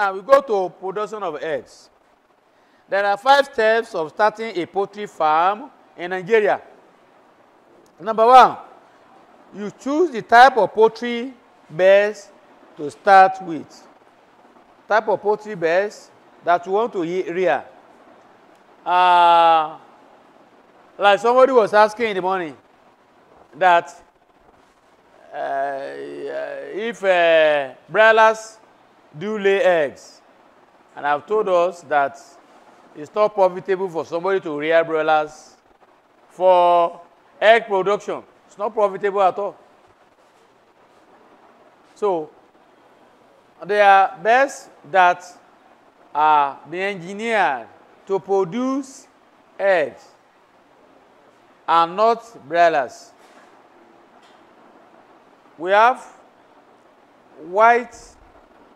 Now we go to production of eggs. There are five steps of starting a poultry farm in Nigeria. Number one, you choose the type of poultry best to start with. Type of poultry best that you want to rear. Uh, like somebody was asking in the morning that uh, if uh, broilers do lay eggs. And I've told us that it's not profitable for somebody to rear broilers for egg production. It's not profitable at all. So, they are best that are uh, being engineered to produce eggs and not broilers. We have white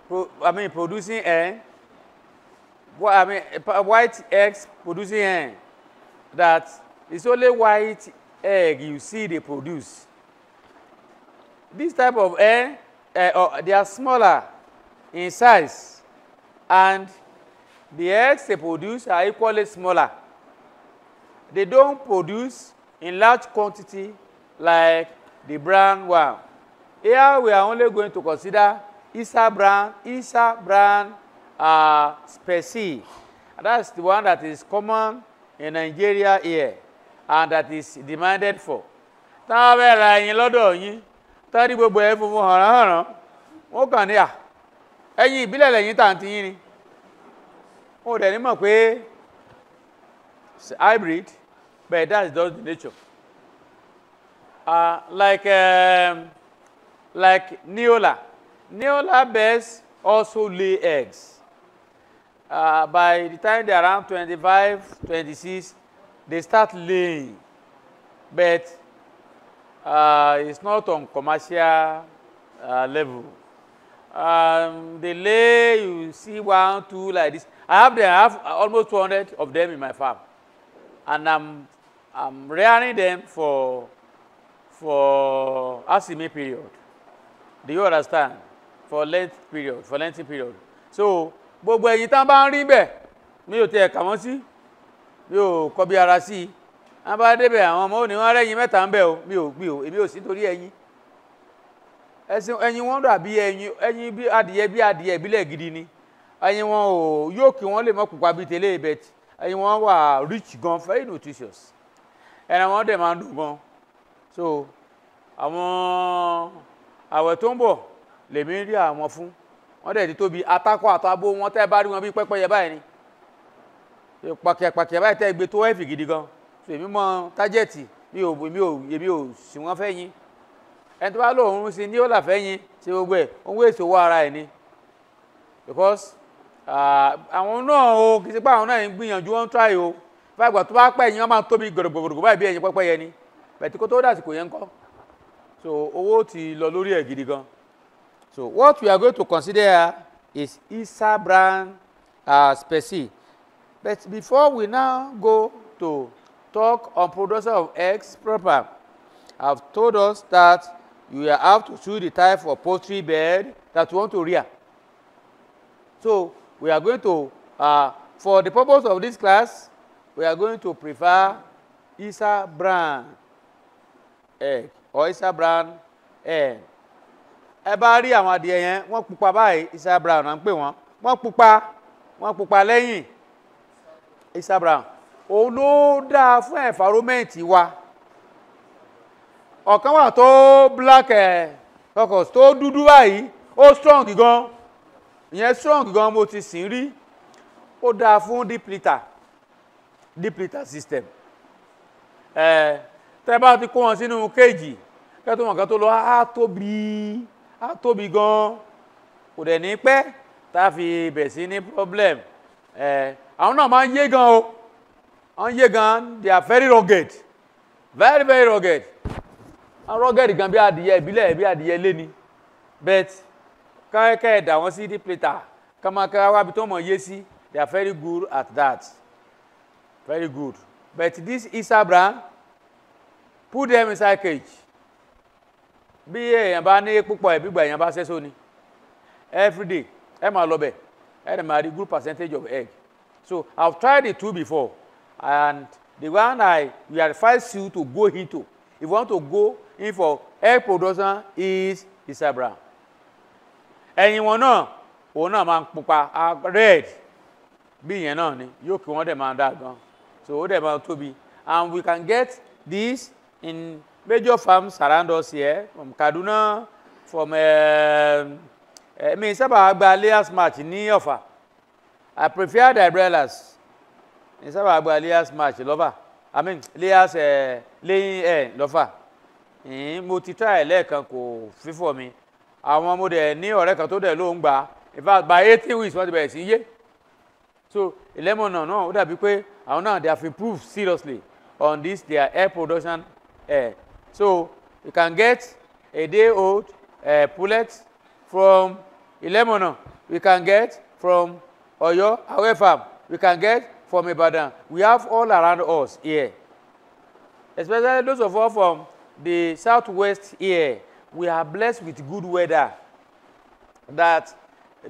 pro, I mean producing hen, I mean white eggs producing hen, that it's only white egg you see they produce. This type of hen, uh, or oh, they are smaller in size and the eggs they produce are equally smaller. They don't produce in large quantity like the brown one. Here we are only going to consider Isa brand, Isa brand uh, specie. That's the one that is common in Nigeria here and that is demanded for. Táwọn bẹ́ẹ̀ ra ẹyin lọ́dọ̀ yín, tọ́dí gbogbo ẹ̀ funfun hànránhànrán, wọ́n kàn ní à, ẹyin ìbílẹ̀ lẹ́yìn tàǹtí yín ni. Wọ́n dẹ̀ ní mọ̀ it's hybrid, but that is just the nature. Uh, like um, like Neola. Neola birds also lay eggs. Uh, by the time they're around 25, 26, they start laying. But uh, it's not on commercial uh, level. Um, they lay, you see one, two like this. I have them, I have almost 200 of them in my farm. And I'm, I'm rearing them for, for acme period. Do you understand? for length period for lengthy period so gbogbo ẹ̀yin tá a bá ń rí bẹ̀ mi ò tiẹ̀ kà wọ́n sí mi ò kọbi ara sí i wọ́n bá débẹ̀ àwọn ọmọ òní wọn rẹ́yìn mẹ́ta ń bẹ̀ o mi ò gbì o èmi ò sí torí ẹyin ẹsìn ẹyin wọn dàbí ẹyin ẹyin bí adìyẹ bí adìyẹ ìbílẹ̀ gidi ni ẹyin wọn ò yóò kí wọn lè mọ pupa bíi tẹ́lẹ̀ ìbẹ̀tì ẹyin wọn wà rich gan very nutritious ẹran wọn dẹ̀ máa ń dùn gan so àwọn àwẹ̀ tó ń bọ̀ lèmi ń rí àwọn fún wọ́n dẹ̀ ti tóbi atakọ àtàbó wọn tẹ́ bá rí wọn bí pẹ́pẹ́yẹ báyìí ni pàkẹ́pàkẹ́ báyìí tẹ́ gbé tó ẹ̀fì gidi gan so èmi mọ tájẹ́ẹ̀tì mi ò mi ò èmi ò sì wọ́n fẹ́ yín ẹni tó bá lóun sí ní ó là fẹ́ yín ṣe gbogbo ẹ̀ òun wé èso owó ara ẹ̀ ni because àwọn náà o kì í ṣe pé àwọn náà ń gbìyànjú wọn try o fàgbà tó bá pẹ́ yín wọ́n máa tóbi gòrògbòrògbò báyìí so owó ti gidi gan So what we are going to consider is Isabran uh, species. But before we now go to talk on production of eggs proper, I've told us that you have to choose the type of poultry bed that you want to rear. So we are going to, uh, for the purpose of this class, we are going to prefer Isa brand egg or Isa brand egg. ẹ bá rí àwọn adìẹ yẹn wọ́n pupa báyìí Isa Brown à ń pè wọ́n wọ́n pupa wọ́n pupa lẹ́yìn Isa Brown òun ló dáa fún environment wa ọ̀kan wà tó black ẹ̀ eh, kọkọ̀ tó dúdú báyìí ó strong gan ìyẹn strong gan mo ti sìn rí ó dáa fún deep litter deep litter system ẹ̀ eh, tẹ́ bá ti kó wọn sínú kéèjì kẹ́tọ́ wọn kan tó lọ á tóbi á tóbi gan-an kò dẹ̀ ní pẹ́ tá a fi bẹ̀ sí ní problem ẹ̀ àwọn náà máa ń yé gan o wọ́n yé gan they are very rugged very very rugged rugged gan bí adìyẹ ìbílẹ̀ bí adìyẹ léni but kẹ́kẹ́ ẹ̀dà wọn sí dípẹ́tà kàmákà wábi tó mọ̀ yé sí they are very good at that very good but this Isa put them inside cage bí èèyàn bá ní púpọ̀ ẹ̀ gbígbà èèyàn bá sẹ́sọ ni everyday ẹ máa lọ bẹ̀ ẹ dẹ̀ máa rí good percentage of egg so i have tried the two before and the one i we advise you to go into if you want to go in for egg production is isabra ẹ̀yìn wọn náà òun náà máa ń pupa red bí ìyẹn náà ni yóò kí wọ́n dẹ̀ máa dá gan so ó dẹ̀ máa tóbi and we can get this in major farms around us here from Kaduna from uh, mi sábà gba layers match ní Ọ̀fà I prefer the umbrellas mi sábà gba layers match lọ́fà I mean layers uh, eh, lẹ́yìn ẹ̀ lọ́fà mo ti try lẹ́ẹ̀kan kò fífọ̀ mi àwọn mo dẹ̀ ní ọ̀rẹ́ kan tó dẹ̀ ló ń gbà in fact by eighty weeks wọ́n ti bẹ̀rẹ̀ sí yé so ìlẹ́mọ̀nà náà ó dàbí pé àwọn náà they have improved seriously on this their air production. Eh. So you can get a day old uh, eh, pullet from Ilemona. We can get from Oyo Awe farm. We can get from Ibadan. We have all around us here. Especially those of us from the southwest here, we are blessed with good weather. That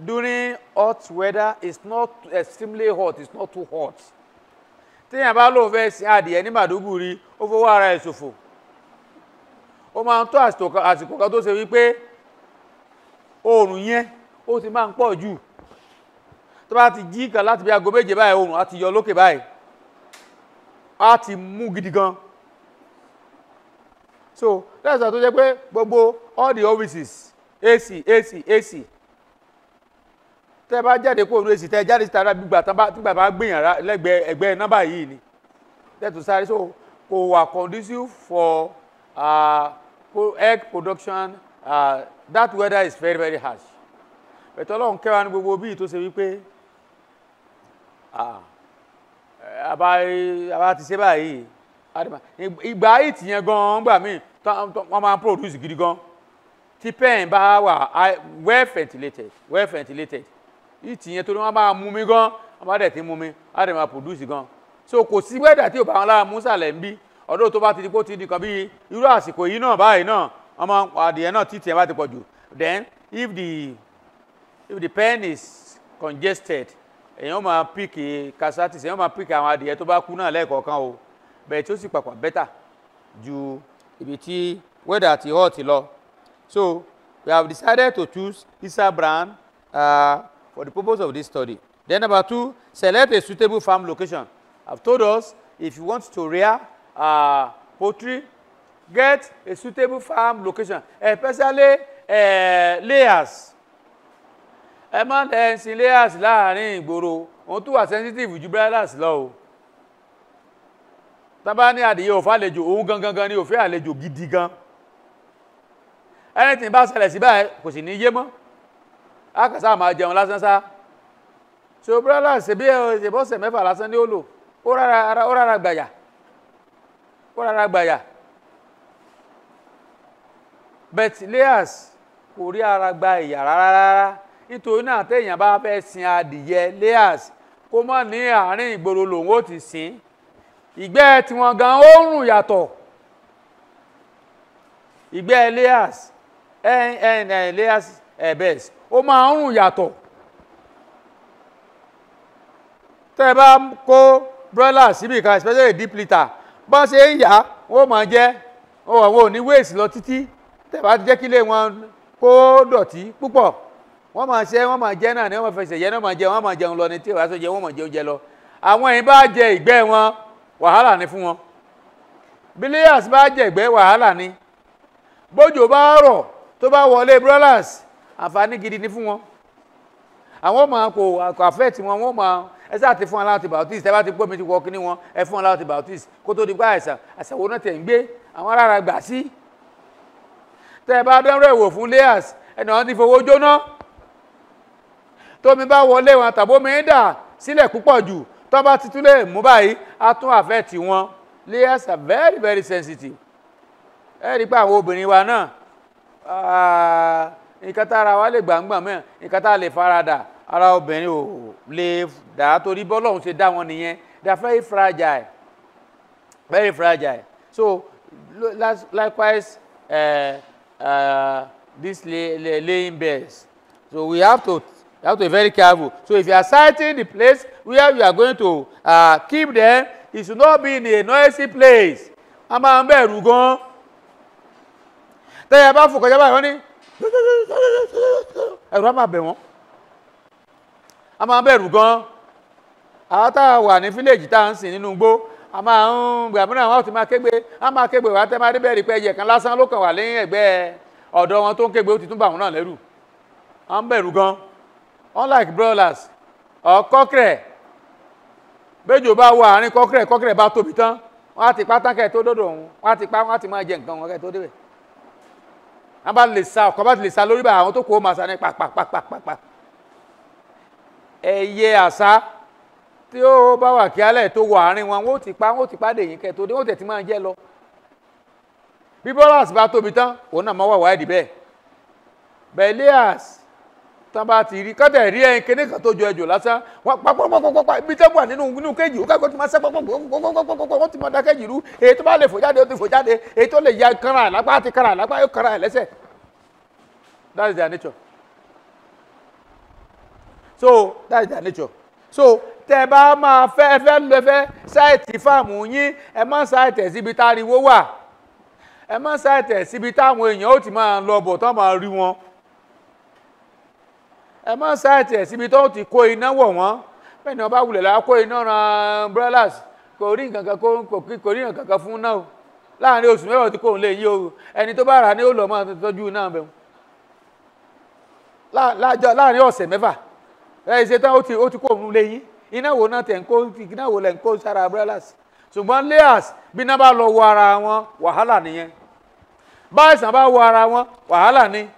during hot weather, it's not extremely hot, it's not too hot. Téèyàn bá lóun fẹ́ sin adìẹ ní Màdúgùrí, ó fowó ara ó máa ń tó àsìkò kan tó ṣe wípé oòrùn yẹn ó ti máa ń pọ̀ jù tó bá ti jí kan láti bí aago méje báyìí oòrùn á ti yọ lókè báyìí á ti mú gidi gan so lẹ́sà tó jẹ́ pé gbogbo all the offices ac ac ac tẹ́ bá jáde kó oòrùn ac tẹ́ jáde síta rà gbígbà tán bá bá gbìyàn lẹ́gbẹ̀ẹ́ ẹgbẹ́ nọ́mbà yìí ni tẹ́tù sáré so kò wà conducive for uh, egg production uh, that weather is very very harsh but ọlọ́run kẹwàá ní gbogbo bíi tó ṣe wípé àbá ah, ti ṣe báyìí ìgbà yìí tìyẹn gan-an gbà míì wọ́n máa produce gidi gan tí pen bá wà well ventilated well ventilated yìí tìyẹn tó ní wọ́n máa mú mi gan wọ́n bá dẹ̀ ti mú mi wọ́n produce gan so kò sí weather tí ò bá wọn lára mú sàlẹ̀ ń bí ọdún tó bá ti di kó ti di bí irú àsìkò yìí náà báyìí náà ọmọ adìyẹ náà títì ẹ bá ti pọ̀ jù then if the if the pen is congested èèyàn máa pick casatis èèyàn máa pick àwọn adìyẹ tó bá kú náà lẹ́ẹ̀kọ̀ọ̀kan o bẹ́ẹ̀ tí ó sì pàpà better ju ibi tí weather ti hot lọ so we have decided to choose isa brand uh, for the purpose of this study then number two select a suitable farm location i have told us if you want to rear uh, poultry, get a suitable farm location, especially uh, layers. Ẹ má lẹ ń sin layers láàrin ìgboro, òun tó wà sensitive ju brothers lọ o. Tábà ní adìyẹ òfà àlejò, òun gangan gan ni òfẹ́ àlejò gidi gan. Anything bá ṣẹlẹ̀ sí báyìí kò sì ní yé mọ́. A kà sáà máa jẹun lásán sáà. o brothers ṣe bí ẹ ṣe bọ́sẹ̀ mẹ́fà lásán ní ó lò, ó rárá gbàyà kó rárá gbàyà betlias kò rí ara gba ìyà rárá nítorí náà téèyàn bá fẹ́ sin adìyẹ lias kó mọ̀ ní àárín ìgboro lòun ó ti sìn ìgbẹ́ tiwọn gan ó ń rùn yàtọ̀ ìgbẹ́ lias lias ebes ó máa ń rùn yàtọ̀ tẹ́ bá kó broiler síbi kan especially deep litre bọ́ ṣe ń yá wọ́n máa jẹ wọn ò ní wéèsì lọ títí tẹ́ bá ti jẹ́ kílé wọn kó dọ̀tí púpọ̀ wọ́n máa ṣe wọ́n máa jẹ náà ni wọ́n máa fẹsẹ̀ yẹ náà máa jẹ wọ́n máa jẹun lọ ni tí ìwà sọ jẹ wọ́n máa jẹ lọ àwọn yìí bá jẹ ìgbẹ́ wọn wàhálà ni fún wọn billiards bá jẹ ìgbẹ́ wàhálà ni bójò bá rọ̀ tó bá wọlé brothers àǹfààní gidi ni fún wọn àwọn máa kò àfẹ́ tí wọn wọ́n máa ẹ sáà ti fún wọn antibiotics tẹ́ bá ti gbọ́ mi ti wọ kíní wọn ẹ fún wọn antibiotics kó tó di pé àìsàn àìsàn wo náà tẹ̀ ń gbé àwọn arára gbà sí. tẹ́ ẹ bá dánwó ẹ̀wò fún layers ẹnà wọn ti fowó jóná tómi bá wọlé wọn tàbómi ń dà sílẹ̀ púpọ̀ jù tó bá ti tún lè mú báyìí á tún àfẹ́ tì wọn layers are very very sensitive ẹ rí i pé àwọn obìnrin wa náà ah, nǹkan tára wa lè gbàǹgbà mẹ́rin nǹkan tá a lè farada ara obìnrin ò lè dà á torí bọ́lọ́hún ṣe dá wọn nìyẹn they are very fragile very fragile so likewise uh, uh, these lay, lay, laying beds so we have to you have to be very careful so if you are siting the place where you are going to uh, keep them it should not be in a noisy place a máa ń bẹ̀rù gan-an tẹ́yà bá fò kọjá báyìí wọ́n ní ẹ̀rù á máa bẹ̀ wọ́n a máa bẹ̀rù gan àwọn a wà ní fílẹ̀jì tá à ń sìn nínú igbó a máa ń gbàmúnà wọn ti máa kégbe a máa kégbe wà á tẹ́ máa dé bẹ́ẹ̀ rí pé ẹyẹ kan lásán ló kàn wà lẹ́yìn ẹ̀gbẹ́ ọ̀dọ̀ wọn tó ń kégbe ó ti tún bà wọn náà lẹ́rù a ń bẹ̀rù gan unlike broilers ọ̀kọ́kẹ̀rẹ̀ bẹ́jọ́ bá wọ àárín kọ́kẹ̀rẹ̀ kọ́kẹ̀rẹ̀ bá tóbi tán wọ́n á ti pa tákẹ́ tó dọ́dọ̀ òun wọ́n á ti pa wọ́n á ti máa jẹ nǹkan wọn kẹ́ tó débẹ̀ wọ́n bá lè sa ọ̀kọ́ bá ti lè sa lórí bá àwọn tó kó màsà ní pàpàpàpàpà ẹyẹ asa tí ó bá wà kíálẹ̀ tó wà àárín wọn wọn ó ti pa wọn ó ti pàdé yìí kẹtó dé wọn ó tẹ̀ tí máa jẹ́ lọ bí bọ́làs bá tóbi tán òun náà máa wà wáyé dìbẹ́ bẹ́líàs tán bá ti rí kọ́tẹ̀ rí ẹyin kan tó jọ ẹjọ́ lásán wọn pàpàpàpàpà ibi tẹ́ wà nínú kéjì ó kẹ́kọ̀ọ́ máa ti máa da kéjì rú ti fò jáde èyí tó lè ya kanra so that is their nature so tẹ bá máa fẹ́ ẹ fẹ́ lọ fẹ́ ṣáìtì fáàmù yín ẹ má ṣáìtì síbi táriwo wà ẹ má ṣáìtì síbi táwọn èèyàn ó ti máa lọ bọ̀ tán máa rí wọn ẹ má ṣáìtì síbi tó ti kó iná wọ̀ wọ́n bẹ́ẹ̀ ni wọ́n bá wulẹ̀ la kó iná ran brothers kò rí nǹkan kan kò rí nǹkan kan fún náà láàrin oṣù mẹ́wàá tí kò ń lè yí o ẹni tó bá rà ní ó lọ́ọ́ máa tọ́jú náà bẹ̀rù láàrin ọ̀sẹ̀ mẹ́fà ẹ ṣe tán ó ti kó òun lé yín iná wo náà tẹ̀ ń kó iná wo lẹ̀ ń kó sára ṣùgbọ́n layers bí iná bá lọ ara wọn wàhálà nìyẹn bá àìsàn bá ara wọn wàhálà ni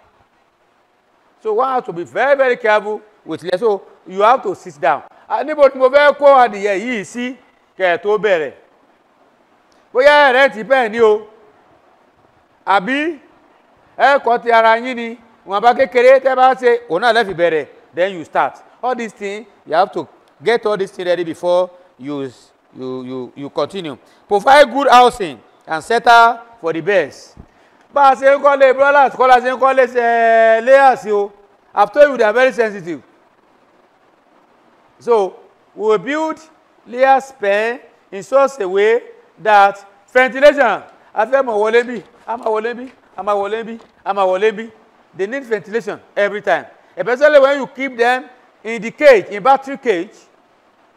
so one has to be very very careful with layers so you have to sit down ah, níbo ni mo fẹ́ kó adìyẹ yìí sí kẹ̀ bere bẹ̀rẹ̀ bóyá ẹ̀rẹ́ ti bẹ́ẹ̀ ni o àbí ẹ̀kọ́ ti ara ni wọn bá kékeré tẹ́ bá ṣe òun náà lẹ́fì then you start All these things, you have to get all these things ready before you, you, you, you continue. Provide good housing and settle for the best. bá a ṣe ń kọ́lé brothers kọ́lá ṣe ń kọ́lé ṣe layers o after you they are very sensitive so we will build layer span in such a way that ventilation a fẹ́ mọ̀ wọlé bí a máa wọlé bí a máa wọlé bí a máa wọlé bí they need ventilation every time especially when you keep them in the cage in battery cage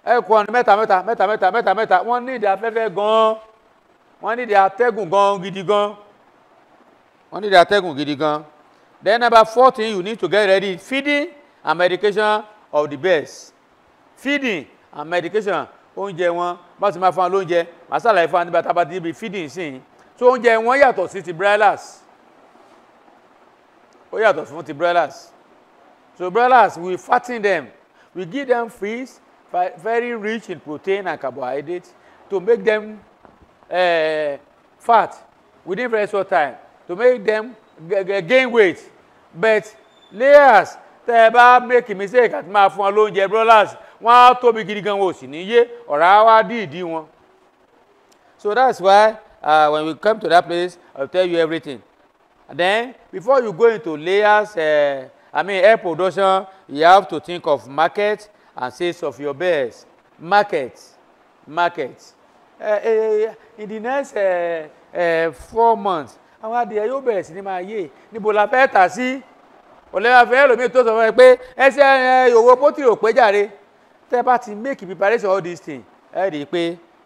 ẹ̀kọ́ ọ̀nà mẹ́ta mẹ́ta mẹ́ta mẹ́ta mẹ́ta mẹ́ta wọ́n ní ìdí afẹ́fẹ́ gan-an wọ́n ní ìdí atẹ́gùn gan-an gidi gan-an wọ́n ní ìdí atẹ́gùn gidi gan then number fourteen you need to get ready feeding and medication of the birds feeding and medication oúnjẹ wọn bá ti máa fún wa lóúnjẹ màá ṣàlàyé fún wa nígbà tá a bá ti di feeding sí i so oúnjẹ wọn yàtọ̀ sí ti broilers ó yàtọ̀ fún ti broilers. So brothers, we fatten them. We give them feeds very rich in protein and carbohydrates to make them uh, fat within very short time, to make them gain weight. But layers they ẹ bá make mistake at my phone alone, lóúnjẹ brothers One á tóbi gidi gan wọn ò sì ní yé ọ̀rá wá dìídì wọn. So that's why uh, when we come to that place, I'll tell you everything. And then before you go into layers. Uh, I mean, air production, you have to think of market and sales of your bears. Market, market. Uh, uh, in the next uh, uh, four months, àwọn adìyẹ yóò bẹ̀rẹ̀ sí ni máa yé níbo la fẹ́ tà sí ọ̀lẹ́wà fẹ́ lómi tó sọ fún ẹ pé ẹsẹ̀ òwò pọ́tìrì ò pé jàre tẹ́ bá ti make preparation all these things ẹ rí i pé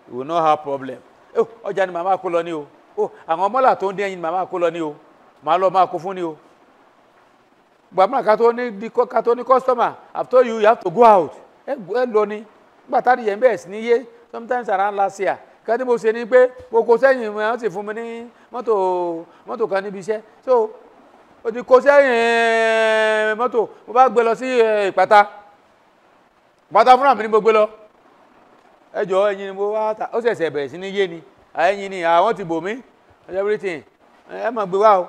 you will not have problem oh, ọjà ni màmá kó lọ ní o oh, àwọn mọ́là tó ń dín ẹyin ni màmá kó lọ ní o màá lọ máa kó fún ní o gbàmúra ká tó ní ká tó ní customer after you you have to go out ẹ lọ ni gbàtà nìyẹn bẹ́ẹ̀ sì ní yé sometimes around last year kan tí mo ṣe ni pé mo kó sẹ́yìn wọ́n sì fún mi ní mọ́tò mọ́tò kan níbi iṣẹ́ so o ti kó sẹ́yìn eh, mọ́tò mo bá gbé lọ sí ìpàtà eh, ìpàtà fúnra mi ni mo gbé lọ ẹ ẹyin ni mo wá ta ó ṣẹ̀ṣẹ̀ bẹ̀rẹ̀ sí ní yé ni ẹyin ni àwọn ti bò mí everything ẹ máa gbé wá o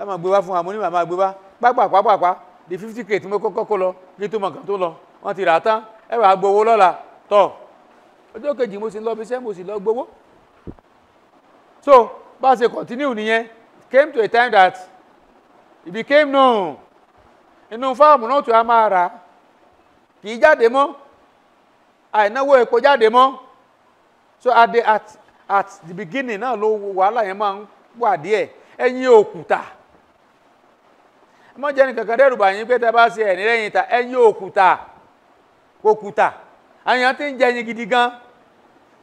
ẹ máa gbé wá fún wa mo ní màmá gbé wá pápápápápá di fifty k tí mo kọ́kọ́ kó lọ kí tó mọ nǹkan tó lọ wọ́n ti rà á tán ẹ wàá gbowó lọ́la tọ̀ ọjọ́ kejì mo sì lọ ibiṣẹ́ mo sì lọ gbowó so bá a ṣe continue nìyẹn came to a time that it became known inú fáàmù náà tó a máa rà kì í jáde mọ́ àìnáwó epo jáde mọ́ so at the at at the beginning náà ló wàhálà yẹn máa ń wà díẹ̀ ẹ̀yìn òkúta mọ́ jẹ́ nìkankan dẹ́rùbà yín pé tẹ́ bá ẹ̀ní lẹ́yìn ta ẹ̀yìn òkúta òkúta àyàn ti ń jẹ yín gidi gan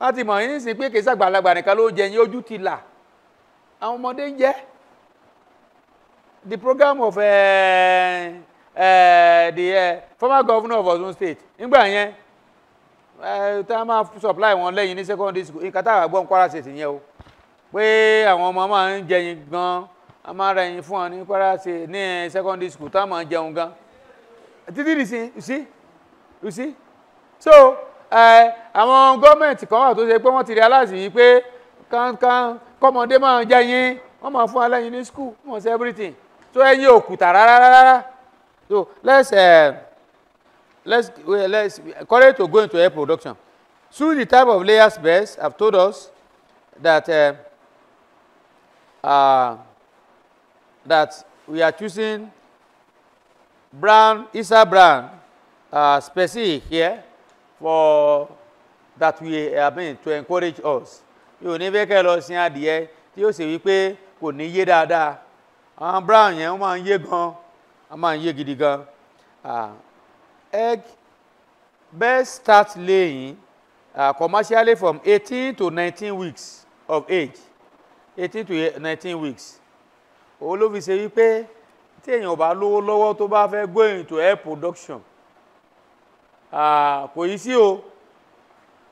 wọ́n ti mọ̀ yín sìn pé kìí ṣàgbàlagbà nìkan ló jẹ yín ojú ti là àwọn ọmọdé jẹ́ the program of eh, eh, the eh, former governor of Osun State nígbà yẹn tá a máa supply wọn lẹ́yìn ní secondary school ìkàtà àgbọ̀n Kwara State yẹn o pé àwọn ọmọ máa ń jẹ yín gan-an a máa ra ẹyin fún wa ní parase ní eh, secondary school tá a máa jẹun gan títí di sí you see you see so eh, àwọn gọ́ọ̀mẹ̀ntì kan wà tó ṣe pé wọ́n ti realize yìí pé kankan kọ́mọdé máa jẹ yín wọ́n máa fún aláyin ní school wọ́n ṣe everything so ẹyin òkúta rárá so let's eh, let's let's Correct to go into air production So, the type of layers best have told us that uh, uh, that we are choosing brand, ISA brand uh, specific here for that we I mean, to encourage us. You never fẹ́kẹ́ us in adìyẹ tí you sì we pay for yé dáadáa. Àwọn brand yẹn wọ́n máa ń yé gan, wọ́n máa gidi gan. Uh, egg best start laying uh, commercially from 18 to 19 weeks of age. 18 to 19 weeks òun ló fi ṣe wípé tí èèyàn bá lówó lọ́wọ́ tó bá fẹ́ go into air production kò yí sí o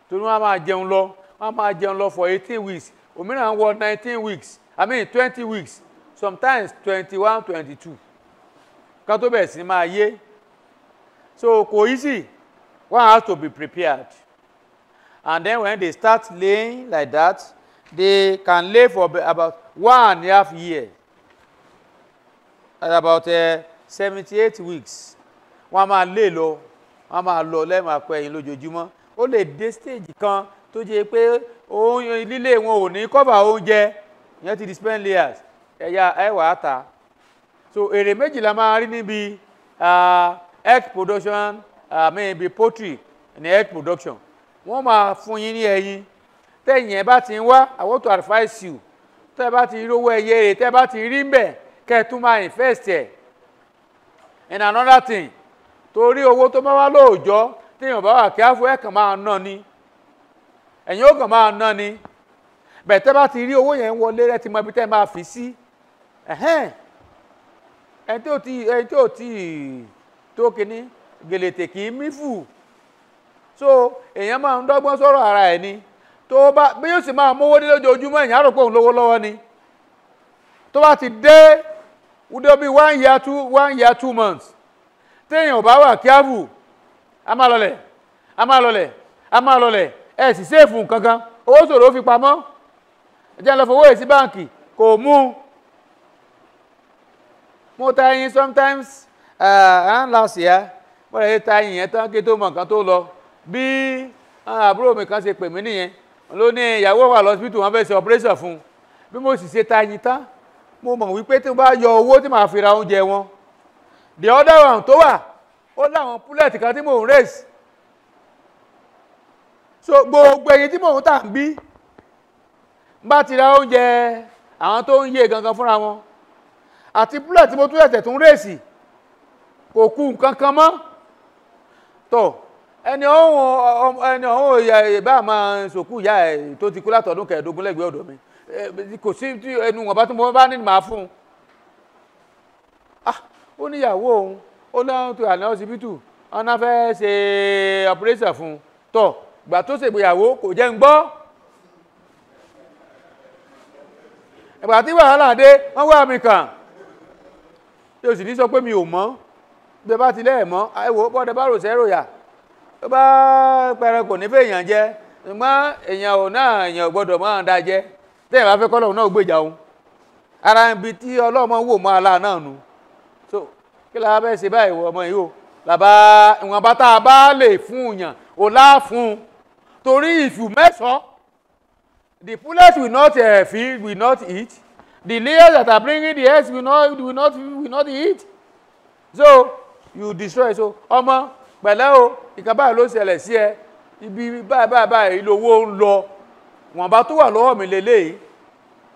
torí wọ́n á máa jẹun lọ wọ́n á máa jẹun lọ for eighteen weeks òmíràn wọ nineteen weeks i mean twenty weeks sometimes twenty one twenty two kan tó bẹ̀rẹ̀ sí máa yé so kò easy one has to be prepared and then when they start laying like that they can lay for about one and a half years that's about eh, seventy eight weeks wọ́n á máa lé lọ wọ́n á máa lọ lẹ́ẹ̀mọ̀ àpẹ ẹ̀yìn lójoojúmọ́ ó lè dé stage kan tó jẹ́ pé lílé wọn ò ní kọ́bà oúnjẹ ìyẹn ti di spend layers ẹ̀yà ẹ̀wà àta so èrè méjìlá máa rí níbi egg production I mean bi poultry ní egg production wọ́n máa fún yín ní ẹyin tẹ̀yìn ẹ̀ bá ti ń wá I want to advise you tẹ́ bá ti rówó ẹyẹ rẹ̀ tẹ́ bá ti rí ń bẹ̀ kẹ́ ẹ tún máa invest ẹ̀ and another thing torí owó tó bá wá lóòjọ́ téèyàn bá wà kí á fún ẹ̀ kàn máa ná ni ẹ̀yin ó kàn máa ná ni bẹ̀tẹ́ bá ti rí owó yẹn wọlé rẹ ti mọ ibi tẹ́ máa fi sí ẹni tí ò tí ẹni tí ò tí tó kíní gèlètè kì í mí fù so èèyàn máa ń dọ́gbọ́n sọ̀rọ̀ ara ẹ̀ ni tó bá bí yóò sì máa mówó dé lójoojúmọ́ èèyàn á rò pé òun lówó lọ́wọ́ ni tó bá ti dé wúdó be one year two one year two months téèyàn ò bá wà kíáàbù a máa lọlẹ̀ a máa lọlẹ̀ a máa lọlẹ̀ ẹ sì séèfù kankan owó ṣòro fi pamọ́ ẹjẹ́ lọ fowó èsì báǹkì kò mú mo ta ẹyin sometimes uh, last year mo rẹ̀ ta ẹyin yẹn tán kí tó mọ̀ nǹkan tó lọ bí eh, àbúrò mi kan ṣe pè mí nìyẹn ló ní ìyàwó wà lọ́sibítù wọn fẹ́ ṣe operation fún bí mo sì ṣe ta ẹyin tán mo mọ̀ wípé tí mo bá yọ owó tí màá fi ra oúnjẹ wọn the other one tó wà ó láwọn púlẹ̀tì kan tí mò ń race so gbogbo ẹyin tí mò ń tà ń bí bá ti ra oúnjẹ àwọn tó ń yé gangan fúnra wọn àti púlẹ̀tì mo tún ẹ̀tẹ̀ tún race kò kú nǹkan kan mọ́ tó ẹni ọ̀hún ẹni ọ̀hún ìyá ìbá máa sòkú ìyá ẹ̀ tó ti kú látọ̀dún kẹẹ̀ẹ́dógún lẹ́gbẹ̀ẹ́ ọ̀dọ̀ mi Eh, kò sí tí ẹnu wọn bá tún bọ́ bá ní màá fún un ah ó níyàwó òun ó láwọn tó àná ọsibítù wọn náà fẹ́ẹ́ ṣe ọpẹrẹsà fún un tọ gbà tó ṣègbéyàwó kò jẹ́ ń gbọ́ ìgbà tí wàhálà dé wọ́n wá mi kàn tí o sì ní sọ pé mi ò mọ̀ bí ẹ bá ti lẹ́ẹ̀ mọ́ àìwò bọ́dẹ bá ròṣẹ́ ròyà tó bá pẹrẹ kò ní fẹ́ èèyàn jẹ ṣùgbọ́n èèyàn ò náà èèyàn gbọ́dọ̀ máa da jẹ tẹ́yìn bá fẹ́ kọ́ lọ́run náà gbèjà òun ara ibi tí ọlọ́mọ wò mọ́ ala náà nu so kí la bẹ́ẹ̀ ṣe báyìí wọ ọmọ yìí o làbá ìwọ̀n bá tá a bá lè fún yàn ò láàfún torí if you mess up the pullet will not uh, feed will not eat the layers that are bringing the eggs will not will not will not eat so you destroy so ọmọ pẹ̀lẹ́ o ìkan báyìí ló ṣẹlẹ̀ sí ẹ ibi báyìí báyìí báyìí lówó ń lọ wọ́n bá tó wà lọ́wọ́ mi lélẹ́yìí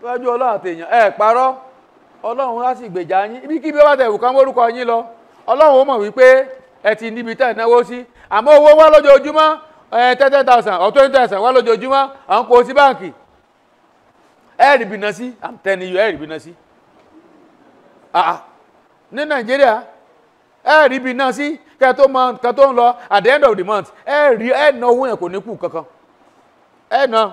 lọ́jọ́ ọlọ́run àtèèyàn ẹ parọ́ ọlọ́run á sì gbèjà yín ibi kí bí wọ́n tẹ̀ wùkán mórúkọ yín lọ ọlọ́run ó mọ̀ wípé ẹ ti níbi tẹ̀ náwó sí àmọ́ owó wá lójoojúmọ́ ẹ ten ten thousand or twenty thousand wá lójoojúmọ́ à ń kó sí báǹkì ẹ rí bìnà sí i'm telling you ẹ rí bìnà sí ní nàìjíríà ẹ rí bìnà sí kẹ mọ kẹ ń lọ at the end of the month ẹ rí ẹ náwó yẹn kò ní kù kankan ẹ náà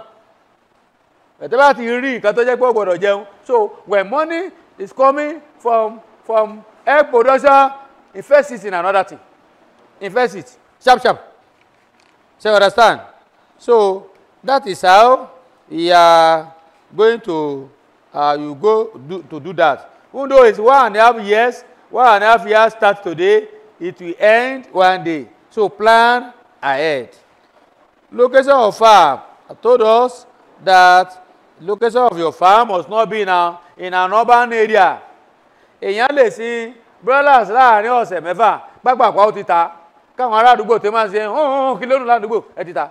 ẹ̀tẹ́ bá ti rí nǹkan tó jẹ́ pé ó gbọ́dọ̀ jẹun so when money is coming from from egg production invest it in another thing invest it sharp sharp so you understand so that is how you are going to uh, you go do, to do that even though it's one and a half years one and a half years start today it will end one day so plan ahead location of farm told us that location of your farm must not be now in an urban area èèyàn lè sin broilers láàrin ọ̀sẹ̀ mẹ́fà pápákọ̀ ó ti ta káwọn ará àdúgbò tó máa ń ṣe hàn kí lónìí ládùúgbò ẹ ti ta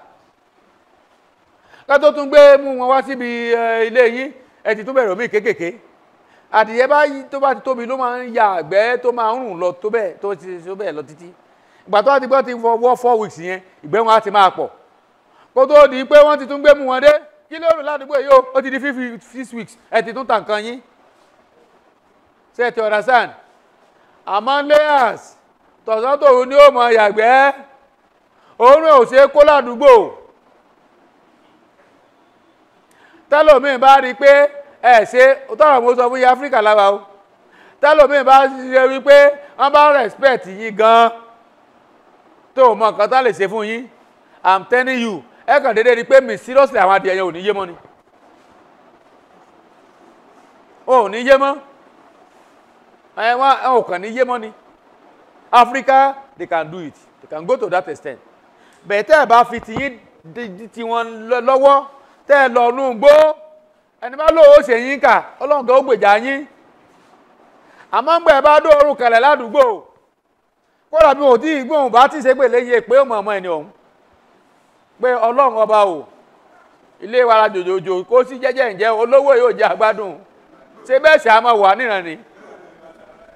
ká tó tún gbé mú wọn wá síbi ilé yín ẹ ti tún bẹ̀rẹ̀ omi kéékèèké adìyẹ bá tó bá ti tóbi ló máa ń ya àgbẹ̀ tó máa ń rùn lọ tó bẹ́ẹ̀ tó ti tó bẹ́ẹ̀ lọ títí ìgbà tó ti gbọ́ ti wọ́ four weeks yẹn ìgbẹ́ wọn á ti máa pọ̀ kó tó di pé wọ́n ti tún gbé mú wọn dé kí ló rùn ládùúgbò yìí o ó ti di fifty six weeks ẹ ti tún tà nǹkan yín ṣe ti ọ̀rá sàn àmọ́ layers tọ̀sán-tòru ni ó mọ yàgbẹ́ òórùn ò ṣe kó ládùúgbò tẹ́lòmíì bá rí i pé ẹ ṣe tọ́rọ̀ mo sọ fún yín áfíríkà lára o tẹ́lòmíì bá ṣe wípé wọ́n bá respect yín gan-an tó mọ nǹkan tá lè ṣe fún yín i'm telling you ẹ kàn déédéé ni pé mi seriously àwọn adìẹ yẹn ò ní yé mọ́ ni ò ní yé mọ́ ẹ wọn ò kàn ní yé mọ́ ni Africa they can do it they can go to that extent bẹ́ẹ̀ tẹ́ ẹ bá fi tiyín ti wọn lọ́wọ́ tẹ́ ẹ lọ nù gbó ẹni bá lóò ṣe yín kà ọlọ́run kan ó gbèjà yín àmọ́ ń gbọ́ ẹ bá dóorùn kalẹ̀ ládùúgbò kódà bí wọn ò tí ì gbóhùn bá ti ṣe pèlè yẹ pé ó mọ̀ ọmọ ẹni ọ̀hún pé ọlọ́run ọba o ilé wa ra jòjòjò kó sí jẹ́jẹ́ ǹjẹ́ olówó yóò jẹ́ àgbádùn ṣé bẹ́ẹ̀ sì á máa wà níran ni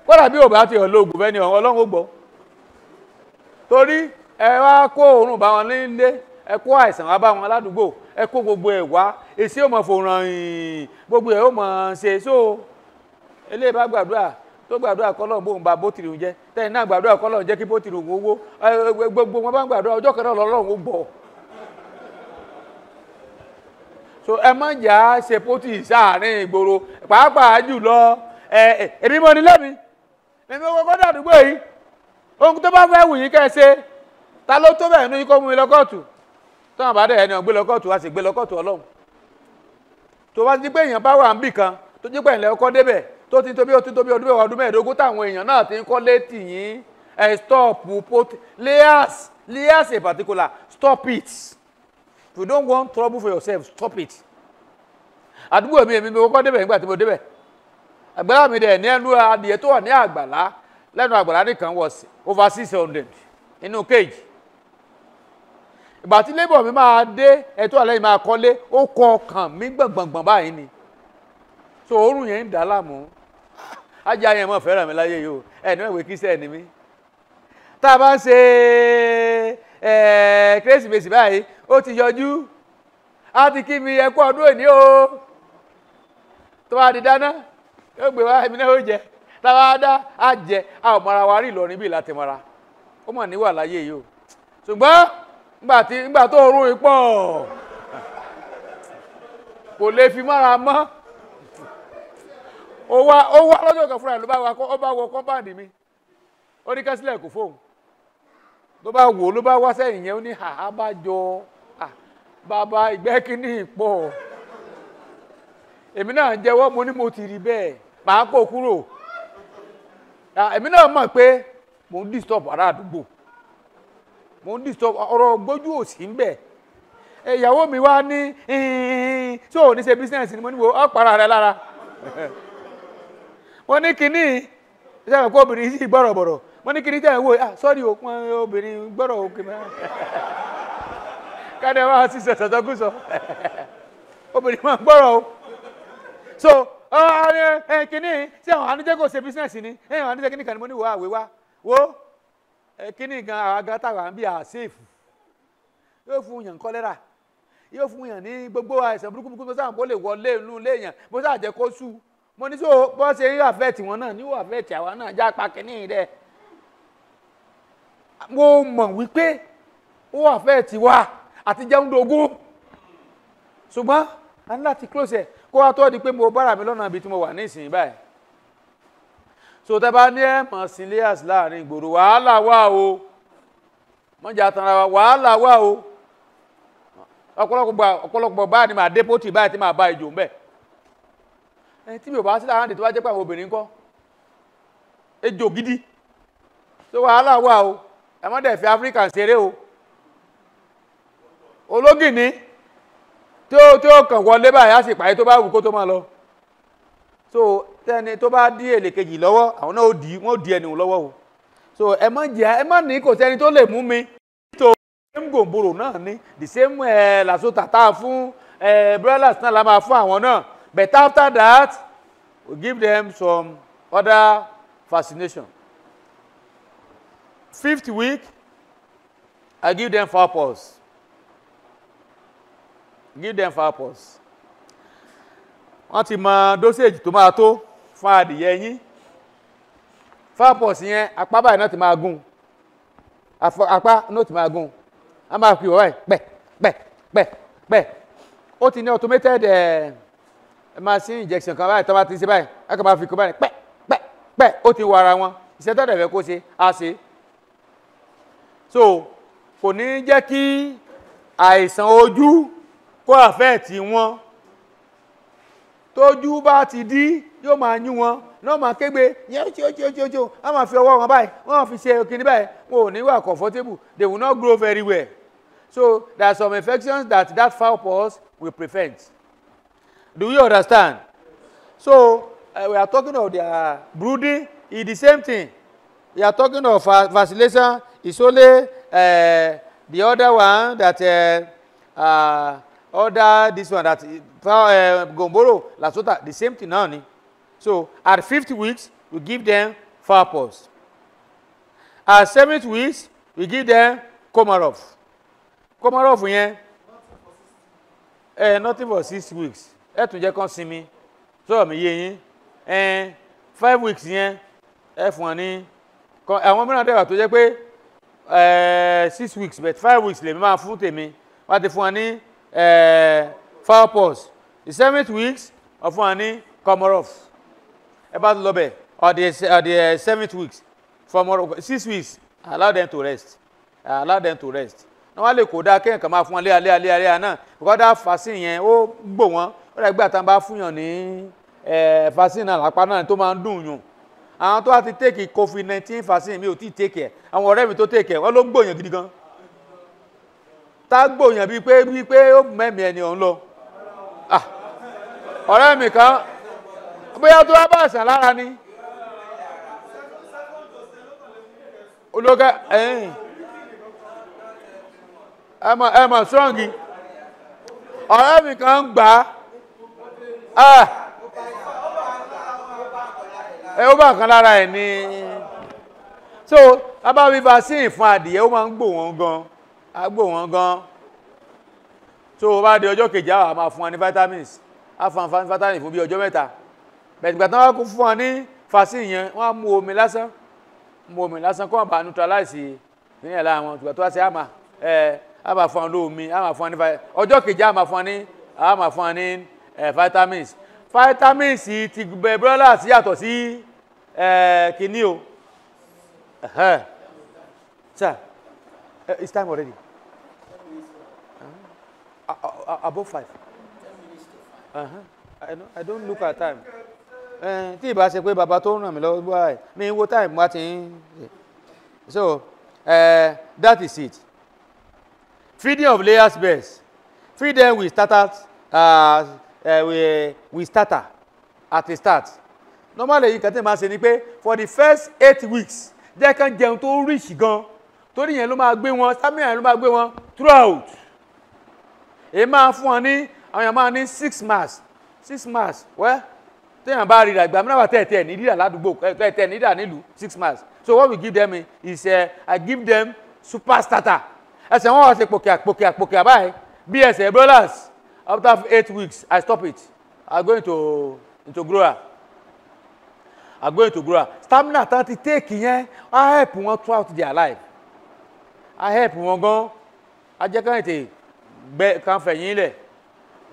kódà bí ò ti ọlọ́gùn lóògùn ni ọ̀hún ọlọ́run ó gbọ́ torí ẹ wá kó òórùn bá wọn nílé ẹ gbogbo ẹ wá èsì ò gbogbo ẹ ṣe so eléyìí bá gbàdúrà tó gbàdúrà bóun jẹ náà gbàdúrà kí gbogbo wọn bá gbàdúrà so ẹ má jà ṣe pótì sáàrin ìgboro pàápàá jùlọ ẹ èmi mọ ni lẹ́mi èmi kọ́kọ́ dàdúgbò yìí ohun tó bá fẹ́ wù yín kẹ́ ṣe ta ló tó bẹ́ẹ̀ nínú yín kó mú mi lọ́kọ̀tù táwọn bá dẹ̀ ẹni ọ̀gbẹ́ lọ́kọ̀tù wá sì gbé lọ́kọ̀tù ọlọ́run tó bá ti pé èèyàn bá wà ń bì kan tó jí pẹ̀lẹ́ ọkọ̀ débẹ̀ tó ti tóbi ó ti tóbi ọdún mẹ́wàá ọdún mẹ́ẹ̀ẹ́dógún táwọn èèyàn náà ti ń kọ́ létí yín ẹ̀ stop pot layers layers in particular stop it if you don't want trouble for yourself stop it àdúgbò mi èmi mi kọ́kọ́ débẹ̀ nígbà tí mo débẹ̀ àgbàlá mi dẹ̀ ní ẹnu adìyẹ tó wà ní àgbàlá lẹ́nu àgbàlá nìkan wọ̀ sí over six hundred inú cage ìgbà tí labour mi máa dé ẹ̀tọ́ àlẹ́ yìí máa kọ́lé ó kọ ọkàn mi gbọ̀ngbọ̀ngbọ̀n báyìí ni so oorun yẹn ń dà á láàmú ajá yẹn mọ̀ fẹ́ràn mi láyé yìí o ẹ̀ ní ìwé kí sẹ́ẹ̀ ni mí tá a bá ń ṣe Eh, kérésìmesì báyìí ó ti yọjú á ti kí mi ẹ ọdún òní o tó bá di dáná yóò gbé wá náà ó jẹ jẹ a ò mara wa rí Ìlọrin bíi láti mara ó mọ̀ níwà láyé yìí o ṣùgbọ́n ngbà tó rú ipò kò lè fi mọ́ra mọ́ ó wá wa wọ kọ́mpáàdì mi ó ní kẹ́sílẹ̀ tó bá wò ló bá wá sẹ́yìn yẹn ó ní àhá bá jọ bàbá kínní èmi náà jẹ́wọ́ mo ní mo ti rí bẹ́ẹ̀ kúrò èmi náà mọ̀ pé mo ń disturb ara àdúgbò mo ń disturb ọ̀rọ̀ gbójú òsì bẹ̀ ìyàwó mi wá ní tí ò ṣe business ni mo ní wo rẹ lára ní kínní obìnrin yìí wọ́n ní kiri tẹ́lẹ̀ wò ah òkun obìnrin gbọ́dọ̀ òkè mẹ́rin káde wá sí sọ̀sọ̀sọ̀kúsọ obìnrin máa gbọ́rọ̀ o so kínní sí àwọn àníjẹ́ kò ṣe bísínẹ́sì ni àwọn àníjẹ́ kínní kan ni mo ní wò wá wo gan àga táwa bí yóò fún yàn kọ́lẹ́rà yóò fún yàn ní gbogbo àìsàn burúkú burúkú sáà lè wọlé inú ilé yàn bó sáà kó sú mo ní bó ṣe ń àfẹ́ẹ̀tì wọn náà àfẹ́ẹ̀tì àwa náà já pa rẹ̀ mo mọ̀ wípé ó wà fẹ́ ti wá àti jẹun dogun ṣùgbọ́n a ní láti close ẹ̀ kó wá tó di pé mo bára mi lọ́nà ibi tí mo wà ní ìsìn báyìí so tẹ́ bá ní ẹ̀mọ̀ sí layers láàrin ìgboro wàhálà wà o mọ́jà tanra wa wàhálà wà o ọ̀pọ̀lọpọ̀ báyìí ni màá dé pótì báyìí tí màá bá ìjò ń bẹ̀ ẹni tí mi ò bá sí láàrin tó bá jẹ́ pé àwọn obìnrin kọ́ ejò gidi so wàhálà wà o ẹ mọ́ dẹ̀ fi áfíríkà ṣeré o ológìní tí ó tí ó kàn wọlé báyìí á sì pàyẹ tó bá wù kó tó máa lọ so tẹni tó bá dí èlé kejì lọ́wọ́ àwọn náà ó dì í wọ́n ó di ẹni lọ́wọ́ o so ẹ mọ́ jẹ́ ẹ mọ́ ní kò sẹ́ni tó lè mú mi tó same gòǹbòrò náà ni the same ẹ làṣọ tàtà fún ẹ brothers náà la máa fún àwọn náà but after that we give them some other fascination. Fifth week, I give them four pulse. Give them four pulse. Wọ́n ti mọ dosage tó máa tó fún adìyẹ yín. Four pulse yẹn apá báyìí náà ti máa gùn. Apá náà ti máa gùn. A máa fi wọ́n pẹ̀ pẹ̀ pẹ̀ pẹ̀. Ó ti ní automated eh, machine injection kan báyìí tó bá ti ṣe báyìí. A kàn máa fi kó báyìí pẹ̀ pẹ̀ pẹ̀. Ó ti wọ ara wọn. Ìṣẹ́ tó dẹ̀ fẹ́ kó ṣe, á ṣe é so kò ní jẹ́ kí àìsàn ojú kó àfẹ́ẹ̀tì wọn tójú bá ti dí yóò máa yún wọn náà máa kégbe yẹn ó tí ó tí ó tí ó tí ó á máa fi ọwọ́ wọn báyìí wọ́n máa fi ṣe òkìní báyìí wọn ò ní wà comfortable they will not grow very well so there are some infections that that foul pox will prevent do you understand so uh, we are talking of their brooding e the same thing you are talking of uh, vacillation It's only uh, the other one that uh, uh, order this one that uh, uh Gomboro Lasota the same thing now ni so at 50 weeks we give them Farpos at 70 weeks we give them Komarov Komarov yẹn eh, nothing for six weeks ẹ tún jẹ́ kán sinmi So mi yé yín eh, five weeks yẹn ẹ fún ọ ní àwọn mìíràn dẹ̀wà tó jẹ́ pé eh, six weeks but five weeks lèmi máa fún tèmi wọ́n ti fún wa ní eh, four pox the seventh weeks wọ́n fún wa ní comorof ẹ bá lọ bẹ̀ or the eh, seventh weeks for six weeks allow them to rest allow them to rest wọ́n lè kó dáa kéèyàn kan máa fún wọn léa léa léa léa náà because that vaccine yẹn ó gbò wọ́n ó dàgbé àtàwọn bá fún yàn ní vaccine náà lápá náà tó máa ń dùn yùn àwọn tó àti take covid nineteen vaccine mi ò tí take ẹ̀ àwọn ọ̀rẹ́ mi tó take ẹ̀ wọ́n ló ń gbòyàn gidi gan tá gbòyàn bíi pé bíi pé ó mẹ́mí ẹni ọ̀hún lọ ọ̀rẹ́ mi kan bóyá tó bá àṣà lára ni ológa ẹ̀yìn ẹ̀mọ̀ ẹ̀mọ̀ strong ọ̀rẹ́ mi kan gbà á ẹ ó bá nǹkan lára ẹ̀ ni so abáwí vaccine fún adìyẹ ó máa ń gbò wọ́n gan á gbò wọ́n gan so bá di ọjọ́ kejì àwọn máa fún wọn ní vitamins á fún wọn vitamin fún bí ọjọ́ mẹ́ta bẹ̀tìgbà tán wá kú fún wọn ní vaccine yẹn wọ́n á mú omi lásán mú omi lásán kó wọn bá neutralize ìpínlẹ̀ lára wọn tùgbà tó wá sí àmà ẹ̀ àmà fún wọn lómi àmà fún wọn ní ọjọ́ kejì àmà fún fún wọn ní vitamins vitamins ti brọ́là sí yàtọ̀ sí kìíní o sir it's time already Uh-huh. above five. Uh-huh. I, don't, I don't look at time. tí ìbá ṣe pé bàbá tó ń ràn mí lọ́wọ́ báyìí mi wo time wá ti ń so uh, that is it feeding of layers best feed them with starter uh, uh, we, we starter at the start normally yìí kàtẹ́ máa ṣe ni pé for the first eight weeks jẹ́ kán jẹun tó rich gan torí yẹn ló máa gbé wọn stamina yẹn ló máa gbé wọn throughout èyí máa fún wọn ní àwọn èèyàn máa ní six mass six mass wẹ́ téèyàn bá rira ìgbà mìíràn wà tẹ̀tẹ̀ ní rírà ládùúgbò tẹ̀tẹ̀ ní rírà nílùú six mass so what we give them is uh, I give them super starter ẹsẹ̀ wọn wá ṣe pòkìà pòkìà pòkìà báyìí bí ẹsẹ̀ brothers After eight weeks, I stop it. I go into into grower. I go into grower. Stamina tán ti take yẹn, I help wọn throughout their life. I help wọn gan. Á jẹ́ kán ètè gbẹ kan fẹ̀yìn lẹ̀.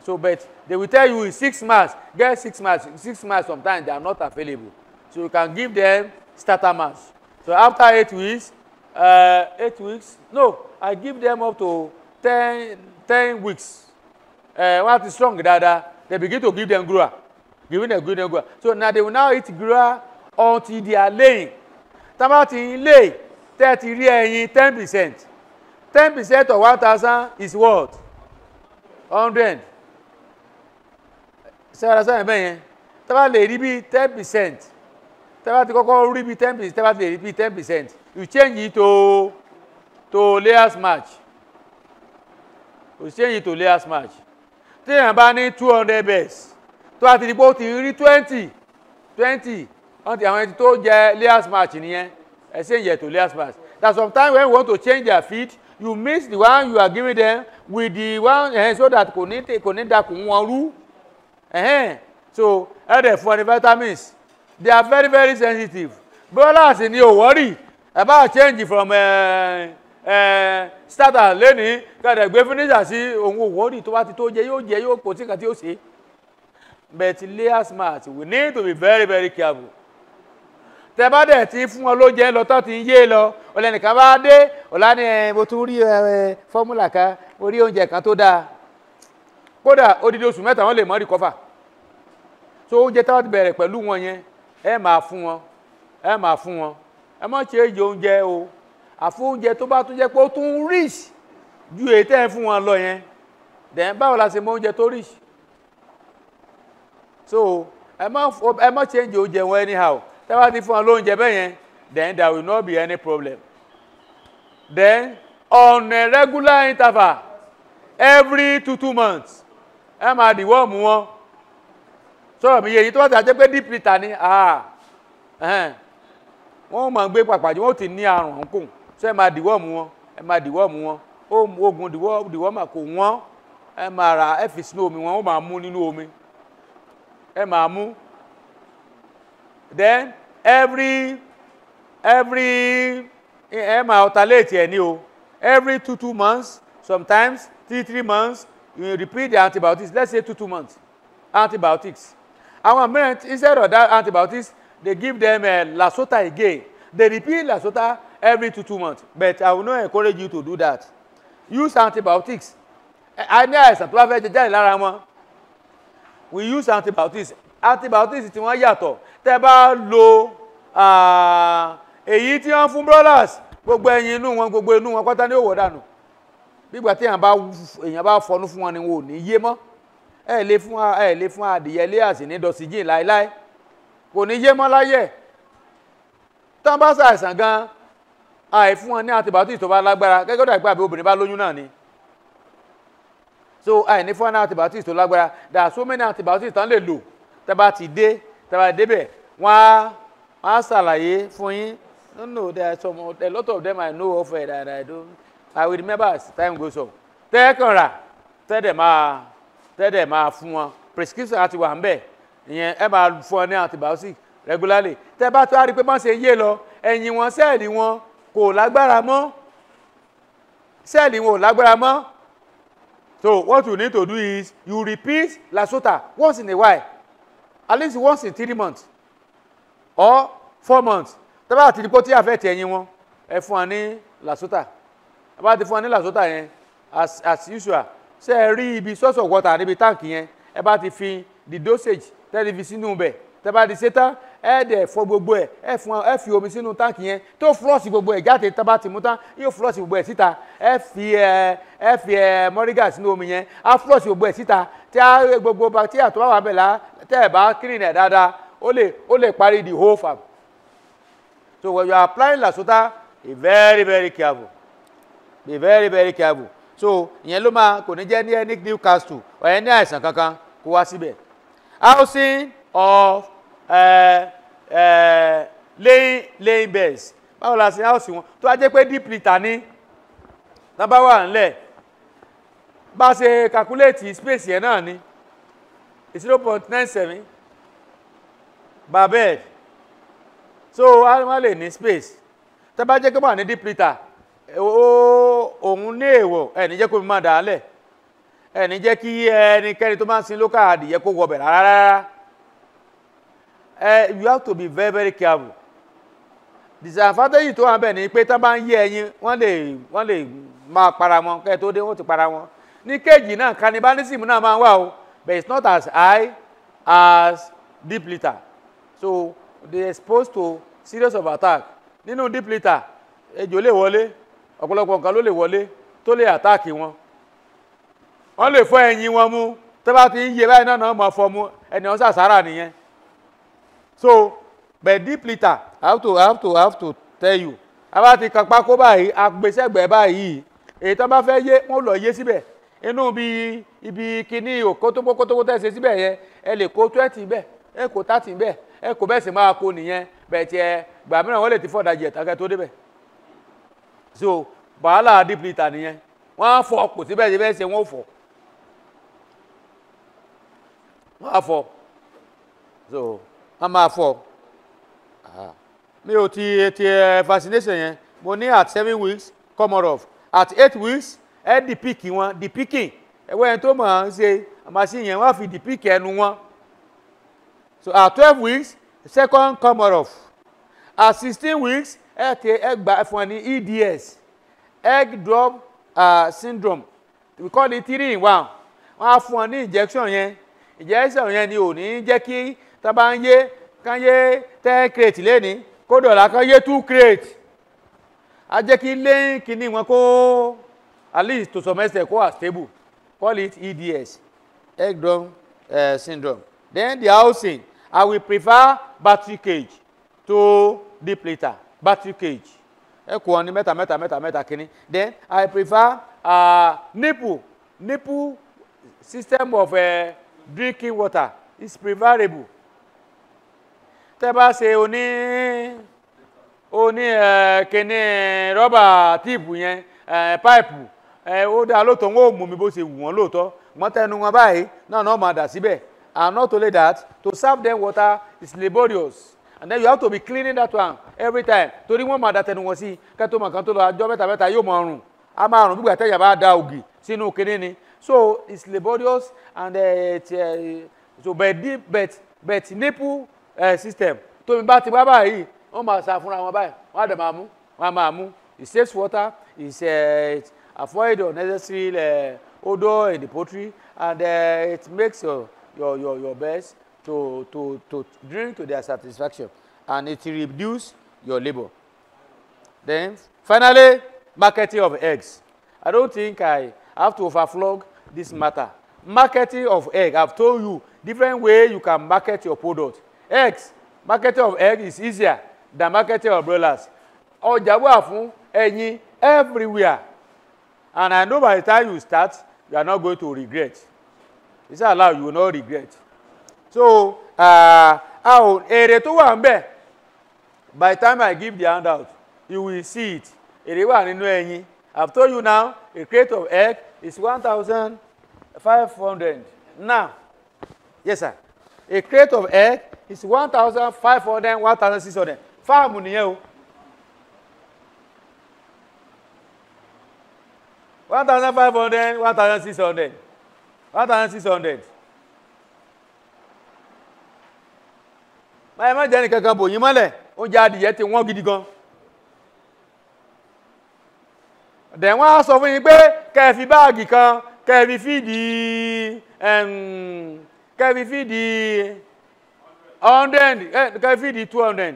So but they will tell you in six months. get six months. six months. sometimes they are not available. So you can give them starter mass. So after eight weeks, uh, eight weeks, no, I give them up to ten ten weeks uh, wọ́n á ti strong dáadáa they begin to give them grower giving them give them grower so now they will now eat grower until they are laying tá a ti ń lay thirty ti rí ẹyin ten percent ten percent of one thousand is what hundred sẹ́wọ́n sẹ́wọ́n bẹ́ẹ̀ yẹn tẹ́ lè rí bí ten percent tẹ́ bá ti kọ́kọ́ rí bí ten percent tẹ́ lè rí bí ten percent you change it to to layers match you change it to layers match téèyàn bá ní two hundred bets tó bá ti di pé ó ti rí twenty twenty wọ́n ti àwọn ẹni tó jẹ layers match nìyẹn ẹ ṣe ń to layers match that sometimes when you want to change their feed you miss the one you are giving them with the one eh, so that kò ní kò ní dàkún wọn rú so ẹ dẹ̀ fún ọ ní vitamins they are very very sensitive brothers ni ò wọ́rì ẹ bá change from. Uh, starter lẹ́ni kẹ̀dẹ̀ gbé finisher sí òun òwòrì tó bá ti tó jẹ yóò jẹ yóò kò sí nǹkan tí yóò ṣe but layers smart. we need to be very very careful tẹ bá dẹ̀ ti fún ọ ló jẹ́ lọ tó ti ń yé lọ ọlẹ́nìkan bá dé ọ̀la ni mo tún rí fọ́múlà kan orí oúnjẹ kan tó dáa kódà odidi oṣù mẹ́ta wọ́n lè mọ́ rìkọ́fà so oúnjẹ táwọn ti bẹ̀rẹ̀ pẹ̀lú wọn yẹn ẹ máa fún wọn ẹ máa fún wọn ẹ má ṣe é jẹ oúnjẹ o àfóúnjẹ tó bá tún jẹ́ pé ó tún rich ju èyí tẹ́ ẹ fún wọn lọ yẹn then báwo la ṣe mọ oúnjẹ tó rich so ẹ má ẹ má change oúnjẹ wọn anyhow tẹ́ bá ti fún wọn lóúnjẹ bẹ́ẹ̀ yẹn then there will not be any problem then on a regular interval every two two months ẹ máa dìwọ́ mú wọn sọ̀rọ̀ mi yẹ èyí tó bá ti àjẹ́ pé deep litre ni ah, wọ́n máa gbé pàpàjẹ́ wọ́n ti ní àrùn ọ̀hún kùn so ẹ máa dìwọ́ọ̀mù wọn ẹ máa dìwọ́ọ̀mù wọn oògùn dìwọ́ọ̀mà kò wọ́n ẹ máa ra ẹ fi sínú omi wọn ó máa mú nínú omi ẹ máa mú then every every ẹ máa alternate ẹ ní o every two two months sometimes three three months you repeat the antibiotics let's say two two months antibiotics àwọn mìíràn instead of that antibiotics they give them uh, lasota again they repeat lasota every two two months but I will not encourage you to do that use antibiotics a ní àìsàn tó bá fẹ́ jẹjẹrẹ lára wọn we use antibiotics antibiotics tí wọ́n yàtọ̀ tẹ́ bá lo èyí tí wọ́n fún brothers gbogbo ẹyin inú wọn gbogbo inú wọn pátá ní òwò dànù gbígbà tí èèyàn bá fọnú fún wọn ni wọn ò ní yé mọ́ ẹ lè fún ẹ lè fún adìyẹ léàsì ní dọ̀síjìn láéláé kò ní yé mọ́ láyé tán bá ṣàìsàn gan-an àìfún wọn ní antibiotics tó bá lágbára gẹ́gẹ́ dàgbà àbí obìnrin bá lóyún náà ni so àìní fún wọn ní antibiotics tó lágbára there are so many antibiotics tán lè lò tẹ́bà ti dé tẹ́bà débẹ̀ wọ́n á wọ́n á ṣàlàyé fún yín no no there are some a lot of them I know of it eh, and I do I will remember as time goes on tẹ́ẹ̀kan rà tẹ́ẹ̀dẹ̀ máa tẹ́ẹ̀dẹ̀ máa fún wọn prescription àti wà ń bẹ̀ ìyẹn ẹ máa fún ọ ní antibiotics regularly tẹ́ẹ̀ bá tó a rí i pé má ṣe yé lọ ẹ̀yìn wọn sẹ́ẹ̀lì wọn kò lágbára mọ́ sẹ́ẹ̀lì wọn ò lágbára mọ́ so what you need to do is you repeat lasota once in a while at least once in three months or four months tẹ́lá àti dípò tí a fẹ́ tẹ̀yìn wọn ẹ fún wa ní lasota ẹ bá ti fún wa ní lasota yẹn as as usual ṣe ẹ rí ibi source of water níbi táǹkì yẹn ẹ bá ti fi the dosage tẹ́lifí sínú bẹ̀ tẹ́ bá ti ṣe ẹ dẹ̀ fọ gbogbo ẹ̀ ẹ fún ẹ fi omi sínú táǹkì yẹn tó fúlọ́ọ̀sì gbogbo ẹ̀ jáde tábà tì mú tán yóò fúlọ́ọ̀sì gbogbo ẹ̀ síta ẹ fi ẹ ẹ fi ẹ mọ́rígà sínú omi yẹn á fúlọ́ọ̀sì gbogbo ẹ̀ síta tí a gbogbo bacteria tó bá wà bẹ̀ lá tẹ́ ẹ̀ bá clean ẹ̀ dáadáa ó lè ó lè parí the whole farm so when you are applying lasota be very very careful be very very careful so ìyẹn ló máa kò ní jẹ́ ní ethnic Newcastle ọ̀yẹ́ ní àìsàn kankan kó wá síbẹ̀ housing of lẹ́yìn lẹ́yìn bẹ́ẹ̀sì báwo la ṣe áùsì wọn tó wá jẹ́ pé deep litre ní nọ́mbà wà ńlẹ̀ bá a ṣe calculate space yẹn náà ni zero point nine seven per bed so a máa lè ní space tó bá jẹ́ pé wà ní deep litter òun ní èèwọ̀ ẹ̀ ní jẹ́ kó mi máa dà á lẹ̀ ẹ̀ ní jẹ́ kí ẹnikẹ́ni tó máa ń sin lókàdì yẹ kó wọbẹ̀ rárá rárá you have to be very very careful disadvantage tó wà bẹ́ẹ̀ ni pé tán bá ń yé ẹyin wọ́n lè wọ́n lè máa para wọn kẹ́ ẹ tó dé wọ́n ti para wọn ní kéèjì náà cannibalism náà máa ń wà o but it's not as high as deep litter so they exposed to serious of attack nínú deep litter ejò lè wọlé ọ̀pọ̀lọpọ̀ nǹkan ló lè wọlé tó lè attack wọn wọ́n lè fọ́ ẹyin wọn mú tó bá ti ń yé báyìí náà náà mọ̀ fọ́ mú ẹni wọn sàṣàrà nìyẹn so but deep litre i have to i have to i have to tell you a bá ti kan pákó báyìí a gbé sẹ́gbẹ̀ẹ́ báyìí èyí tó bá fẹ́ yé wọ́n lọ yé síbẹ̀ inú bí ibi kíní òkótópó kótópó tẹ̀sí síbẹ̀ yẹn ẹ lè kó twenty bẹ́ẹ̀ ẹ kó thirty bẹ́ẹ̀ ẹ kó bẹ́ẹ̀ sì máa kó nìyẹn bẹ́ẹ̀ tiẹ̀ gbà mìíràn wọ́n lè ti fọ̀dàjì ẹ̀tàkẹ́ tó débẹ̀ so wàhálà deep litre nìyẹn wọ́n á fọ kò síbẹ̀ yẹn bẹ́ẹ̀ ṣe wọ́n fọ wọ́n á fọ so a máa fọ mi ò ti ti vaccination yẹn mo ní at seven weeks comor off at eight weeks ẹ di pick wọn di picking ẹwọ ẹni tó mọ̀ ọ́n ṣe machine yẹn wọ́n fi di pick ẹnu wọn so at twelve weeks second comor off at sixteen weeks ẹ ti ẹ gbà fún ẹ ní EDS egg drop uh, syndrome we call it three in one wọ́n á fún ọ ní injection yẹn injection yẹn ni ò ní jẹ́ kí tá bá ń yé kán yé ten crate lẹ́ni kó dọ̀là kán yé two crate a jẹ́ kí lẹ́ǹkì ní wọn kó at least to some extent kó are stable call it EDS egg drum uh, syndrome then the housing I will prefer battery cage to depleter battery cage ẹ kò wọn ní mẹ́ta mẹ́ta mẹ́ta mẹ́ta kínní then I prefer uh, nipple nipple system of uh, drinking water is preferable tẹ́ bá ṣe oní oní kíní rọ́bà tíìpù yẹn páìpù ó dáa lóòótọ́ wọn ò mú mi bó ṣe wù wọ́n lóòótọ́ wọ́n tẹnu wọn báyìí náà náà máa dà síbẹ̀ and not only that to serve them water is laborious and then you have to be cleaning that one every time torí wọ́n máa da tẹnu wọn sí kẹ́tọ́ mọ̀ kan tó lọ àjọ mẹ́ta mẹ́ta yóò mọ ọrùn a máa rùn gbígbà tẹ́yà bá da ògì sínú kíní ni so it's laborious and uh, eh, it, uh, eh, so but, but but nipple ẹ system tómi bá ti wá báyìí wọ́n máa sa fúnra wọn báyìí wọ́n á dẹ̀ máa mú wọ́n á máa mú it saves water it uh, avoid unnecessary uh, eh, odour in the poultry and uh, it makes your your your your birds to to to drink to their satisfaction and it reduce your labour then finally marketing of eggs i don't think i have to overflog this matter marketing of egg i've told you different way you can market your product Eggs, marketing of eggs is easier than marketing of broilers ọjà wà fún ẹyin everywhere and I know by the time you start you are not going to regret Is that allowed you will not regret so àwọn uh, èrè tó wà ń bẹ̀ by the time I give the handout you will see it èrè wà nínú ẹyin I've told you now a crate of egg is one thousand five hundred now yes sir a crate of egg is one thousand five hundred one thousand six hundred fáàmù nìyẹn one thousand five hundred one thousand six hundred one thousand six hundred báyìí má jẹ́ ní kankan bò yín mọ́lẹ̀ oúnjẹ adìyẹ ti wọ́n gidi gan dẹ̀ wọ́n á sọ fún yín pé kẹ́ẹ̀fì báàgì kan kẹ́ẹ̀fì fídìí kẹ́fi fìdí 100 eh, kẹ́fi fìdí 200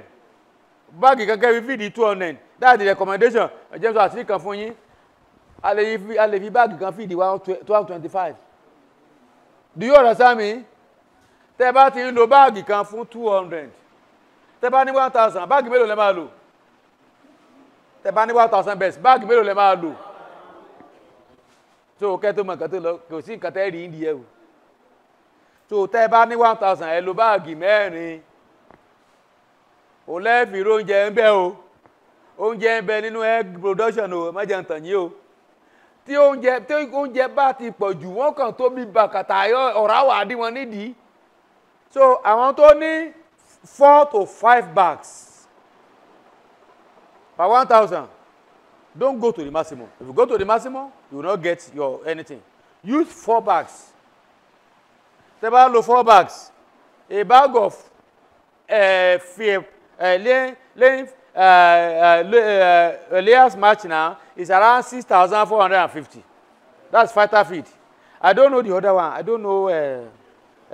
báàgì kan kẹ́fi fìdí 200 that's the recommendation james àti kan fún yín a lè fi báàgì kan fìdí 1225 do you understand me tẹ́ bá ti ń lo báàgì kan fún 200 tẹ́ bá ní 1000 báàgì mélòó lẹ́ máa lò tẹ́ bá ní 1000 bẹ́ẹ̀ báàgì mélòó lẹ́ máa lò so kẹ́ tó mọ̀ nǹkan tó lọ kò sí nǹkan tẹ́ rí ìdí ẹ̀ tó tẹ́ bá ní one thousand ẹ lo báàgì mẹ́rin òun lẹ́ẹ̀fì rí oúnjẹ ń bẹ o oúnjẹ ń bẹ nínú egg production o má jẹun tàn yín o tí oúnjẹ tí oúnjẹ bá ti pọ̀ jù wọ́n kàn tó bí bàkàtà ọ̀rá wà á dí nídìí so àwọn tó ní four to five bags per one thousand don't go to the maximum if you go to the maximum you no get your anything use four bags tẹ́ bá lo four bags a bag of eh, eh, eh, layers match now is around six thousand four hundred and fifty that's fighter feed i don't know the other one i don't know uh,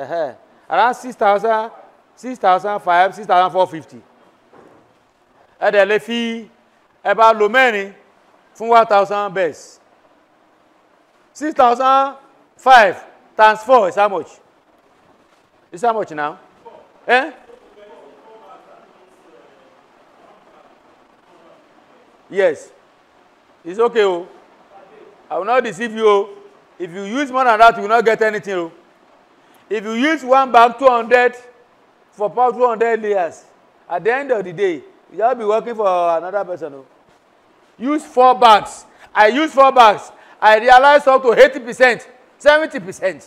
uh -huh. around six thousand six thousand five six thousand four fifty ẹ dẹ̀ lè fi ẹ bá lo mẹ́rin fún one thousand beds six thousand five times four is how much Is that much now? Eh? Yes. It's okay. Oh. I will not deceive you. Oh. If you use more than that, you will not get anything. Oh. If you use one bag 200 for about 200 layers, at the end of the day, you will be working for another person. Oh. Use four bags. I use four bags. I realize up to 80%, 70%.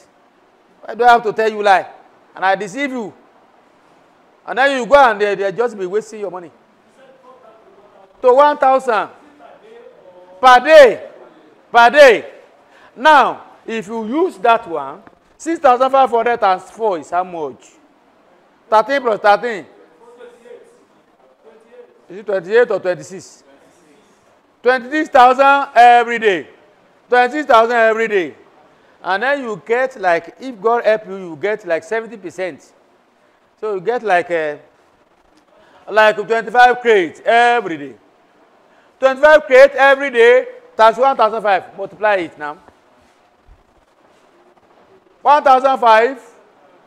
Why do I have to tell you lie? and I deceive you. And then you go and they, they just be wasting your money. To 1,000 per day. Per day. Now, if you use that one, 6,504 is how much? 13 plus 13. Is it 28 or 26? 26,000 every day. 26,000 every day. And then you get like, if God help you, you get like 70%. So you get like a, uh, like 25 crates every day. 25 crates every day, times 1,005. Multiply it now. 1,005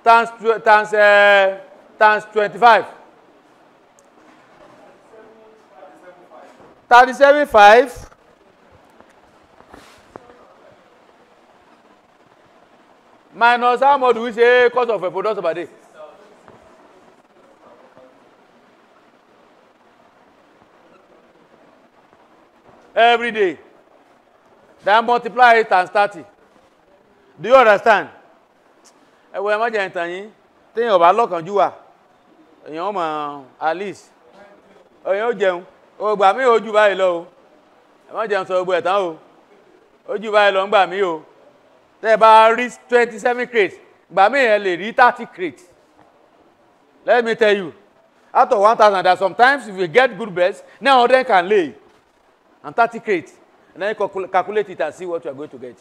times, times, uh, times 25. 37.5. Minus how much do we say cost of a product per day? Every day. Then multiply it and start it. Do you understand? Ẹ wo ẹ má jẹ ìtàn yín, téèyàn ò bá lọ́kànjú wà, èèyàn mọ̀ Alice, èèyàn ó jẹun, ògbà mi ò ju báyìí lọ o, ẹ má jẹun sọ gbogbo o, ó ju báyìí lọ ń gbà mí o. tẹ́ ẹ bá rí twenty seven crates gbà mí ẹ lè rí thirty crates let me tell you out of one thousand that sometimes if you get good birds now hundred can lay and thirty crates and then you calculate it and see what you are going to get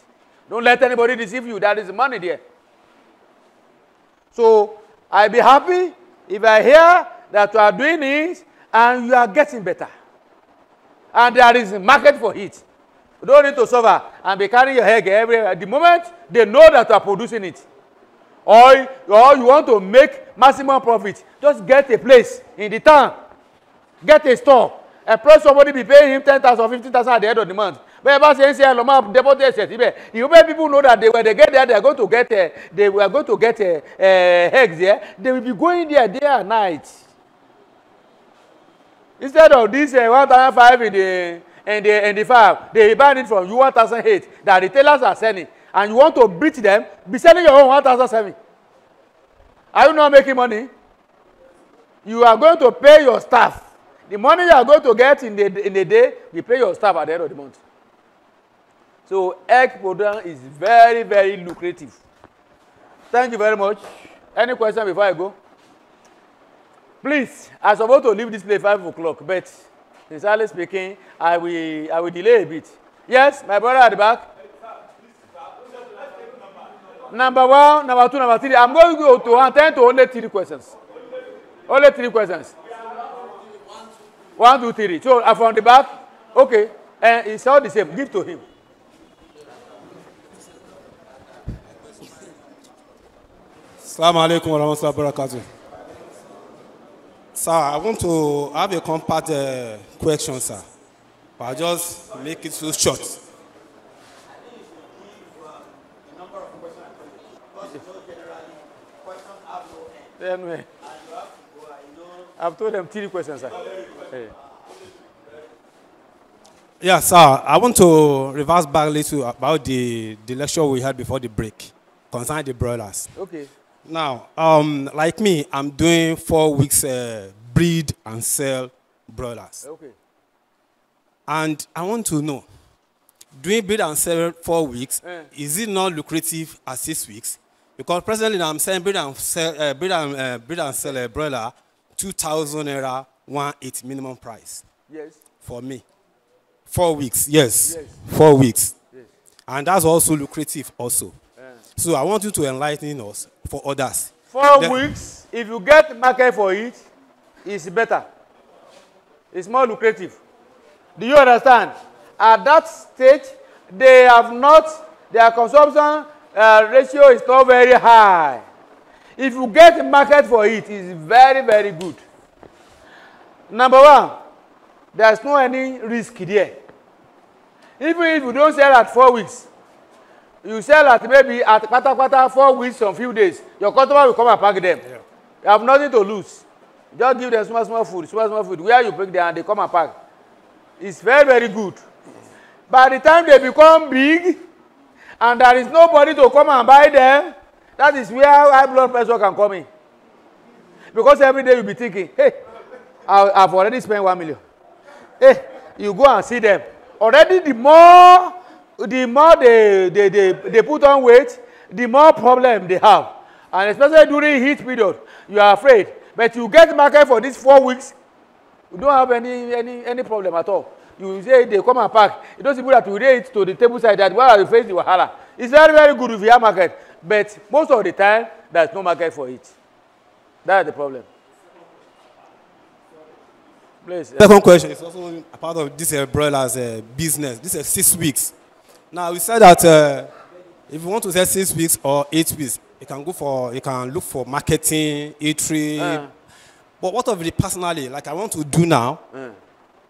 don't let anybody deceive you that is money there so i be happy if i hear that you are doing it and you are getting better and there is market for it You don't need to suffer and be carrying your egg everywhere. At the moment they know that you are producing it, or, or you want to make maximum profit, just get a place in the town. Get a store. Employ somebody be paying him ten thousand or fifteen thousand at the end of the month. But ever since here, Loma devoted herself. You make people know that they, when they get there, they are going to get uh, they were going to get uh, uh, eggs there. Yeah? They will be going there day and night. Instead of this uh, one thousand five in the and the, and the five, they buy it from you one thousand eight that the retailers are selling, and you want to beat them, be selling your own one thousand seven Are you not making money? You are going to pay your staff. The money you are going to get in the, in the day, you pay your staff at the end of the month. So egg program is very, very lucrative. Thank you very much. Any question before I go? Please, I'm supposed to leave this place five o'clock, but Sincerely speaking, I will, I will delay a bit. Yes, my brother at the back. Number one, number two, number three. I'm going to go to attend to only three questions. Only three questions. One, two, three. So I uh, from the back. Okay. And it's all the same. Give to him. Assalamu alaikum warahmatullahi wabarakatuh. Sir, I want to have a compact uh, question, sir. But I'll just make it so short. Anyway, I've told them three questions, sir. Yeah, sir, I want to reverse back a little about the, the lecture we had before the break concerning the broilers. Okay. Now, um, like me, I'm doing four weeks uh, breed and sell broilers. Okay. And I want to know, doing breed and sell four weeks, eh. is it not lucrative at six weeks? Because presently I'm selling breed and sell, uh, breed and, uh, breed and sell a broiler, 2,000 one eight minimum price. Yes. For me. Four weeks, yes. yes. Four weeks. Yes. And that's also lucrative also. So I want you to enlighten us for others. Four then, weeks, if you get market for it, it's better. It's more lucrative. Do you understand? At that stage, they have not, their consumption uh, ratio is not very high. If you get market for it, it's very, very good. Number one, there's no any risk there. Even if you don't sell at four weeks, you sell at maybe at patapata four weeks or few days your customer will come and pack them yeah. you have nothing to lose just give them small small food small small food where you pick them and they come and pack it's very very good by the time they become big and there is nobody to come and buy them that is where high blood pressure can come in because every day you be thinking hey i have already spent one million hey you go and see them already the more the more they, they, they, they put on weight, the more problem they have. And especially during heat period, you are afraid. But you get market for these four weeks, you don't have any, any, any problem at all. You say they come and pack. It doesn't mean that you relate to the table side that while you face the wahala. It's very, very good if you have market. But most of the time, there's no market for it. That's the problem. Please. Uh, Second question is also a part of this umbrellas uh, uh, business. This is six weeks. Now we said that uh, if you want to sell six weeks or eight weeks, you can go for you can look for marketing, eatery. Uh. But what of the personally? Like I want to do now, uh.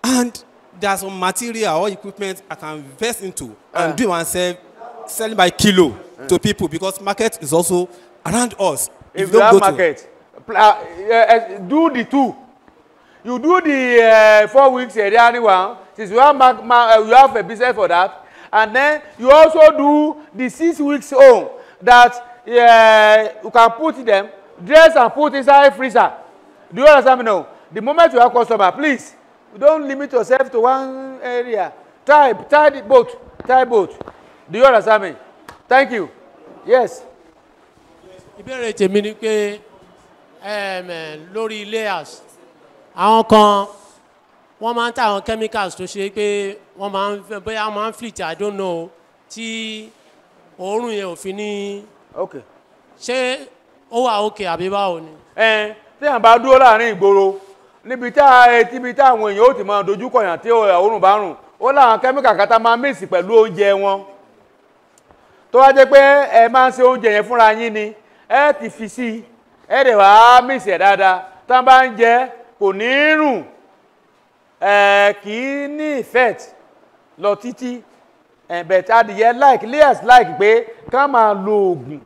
and are some material or equipment I can invest into and uh. do myself selling by kilo uh. to people because market is also around us. If, if you have market, to, uh, do the two. You do the four weeks area one. Since you have, you have a business for that, And then you also do the six weeks home that uh, you can put them, dress and put inside freezer. Do you understand me now? The moment you have customer, please, don't limit yourself to one area. Tie, tie the boat, tie boat. Do you understand me? Thank you. Yes. Ìbéèrè tèmi ni pé lórí layers, àwọn come wọ́n máa ń ta àwọn chemicals tó ṣe pé wọ́n máa ń bóyá wọ́n máa ń flit I don't know tí òórùn yẹn ò fi ní. ok. ṣé ó wà òkè àbí báwo ni. ẹ tí à ń bá dúró láàrin ìgboro níbi tá tíbi tá àwọn èèyàn ó ti máa dojú kọyàn tí òórùn bá rùn ó láwọn chemical kan tá máa mix pẹ̀lú oúnjẹ wọn tó wá jẹ́ pé ẹ máa ń ṣe oúnjẹ yẹn fúnra yín ni ẹ ti fi sí ẹ dẹ̀ wá mix ẹ̀ dáadáa tá a bá ń jẹ kò ní í rùn. kì í ní effect lọ títí eh, but adìyẹ like layers like pé ká máa lo oògùn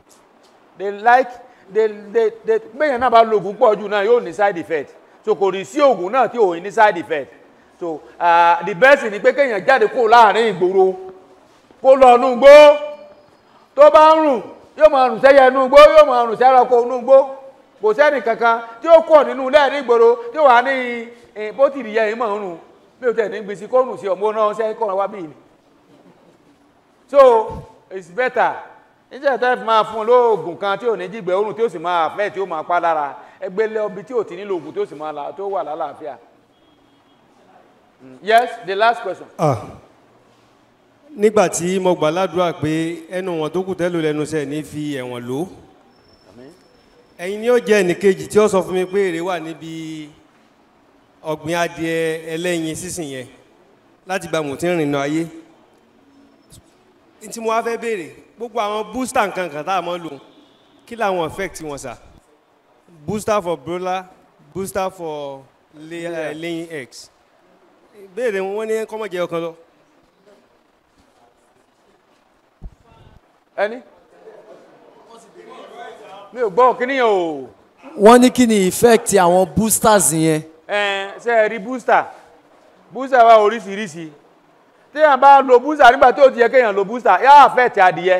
they like they they they gbẹ̀yìn náà bá lo oògùn pọ̀ jù náà yóò ní side effect so kò rí sí oògùn náà tí ò ní side effect so uh, the best ni pé kéèyàn jáde kó láàrin ìgboro kó lọ inú igbó tó bá ń rùn yóò máa rùn sẹ́yẹ inú igbó yóò máa rùn sẹ́yẹ ẹranko inú igbó kò sẹ́ni kankan tí ó kọ̀ nínú ilé ní ìgboro tí ó wà ní Eh, bó ti rí ẹ̀yìn mọ̀ ń bí o tẹ̀ ní gbèsè kọ́ọ̀nù sí ọmọ náà ṣe kọ́ọ̀nù wá bí ni so it's better níjẹ́ tẹ́ fi máa fún lóògùn kan tí ò ní jígbẹ́ oorun tí ó sì máa fẹ́ tí ó máa pa lára ẹgbẹ́ lẹ́ọ̀bì tí ò ti nílò oògùn tí ó sì máa tó wà lálàáfíà. Mm, yes the last question. ah nígbà tí mo gbà ládùúrà pé ẹnu wọn tó kù tẹ́lò lẹ́nu sẹ́ẹ̀ ní fi ẹ̀wọ̀n lò ẹ̀yin ni ó jẹ́ ẹnìkejì tí ó sọ fún mi pé èrè wà níbi ọ̀gbìn adìẹ ẹlẹ́yin sísìn yẹn láti gba mò tí ń rìnnà ayé tí mo wá fẹ́ béèrè gbogbo àwọn booster nǹkan kan tá a mọ̀ lò kí làwọn effect wọn sà booster for brola booster for lẹ́yìn eh, egg béèrè wọn ní kọ́mọ̀jẹ́ ọkàn lọ. ẹni mi ò gbọ́ kíní yẹn o. wọ́n ní kí ni effect àwọn boosters yẹn. Eh, ṣe rí bústà bústà wà oríṣiríṣi téèyàn bá lo bústà nígbà tó ti yẹ kéèyàn lo bústà yá àfẹ́ẹ̀tì adìyẹ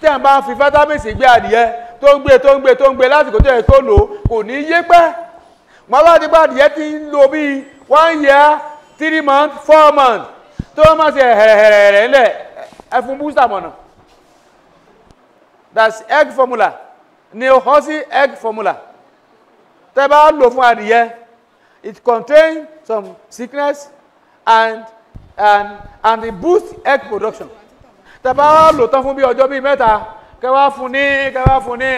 téèyàn bá fi fátámìsì gbé adìyẹ tó ń gbé tó ń gbé tó ń gbé lásìkò tó yẹ kó lò kò ní yé pẹ́ wọn bá ti bá adìyẹ ti ń lo bíi one year three months four months tó má ṣe hẹ̀rẹ̀hẹ̀rẹ̀ ńlẹ̀ ẹ fún bústà mọ̀nà that's egg formula ni o họ́ sí egg formula tẹ́ bá lò fún adìyẹ it contains some sickness and and and it boosts egg production tẹ́ bá wá lò tán fún bí ọjọ́ bíi mẹ́ta kẹ́ wá fún ní kẹ́ wá fún ní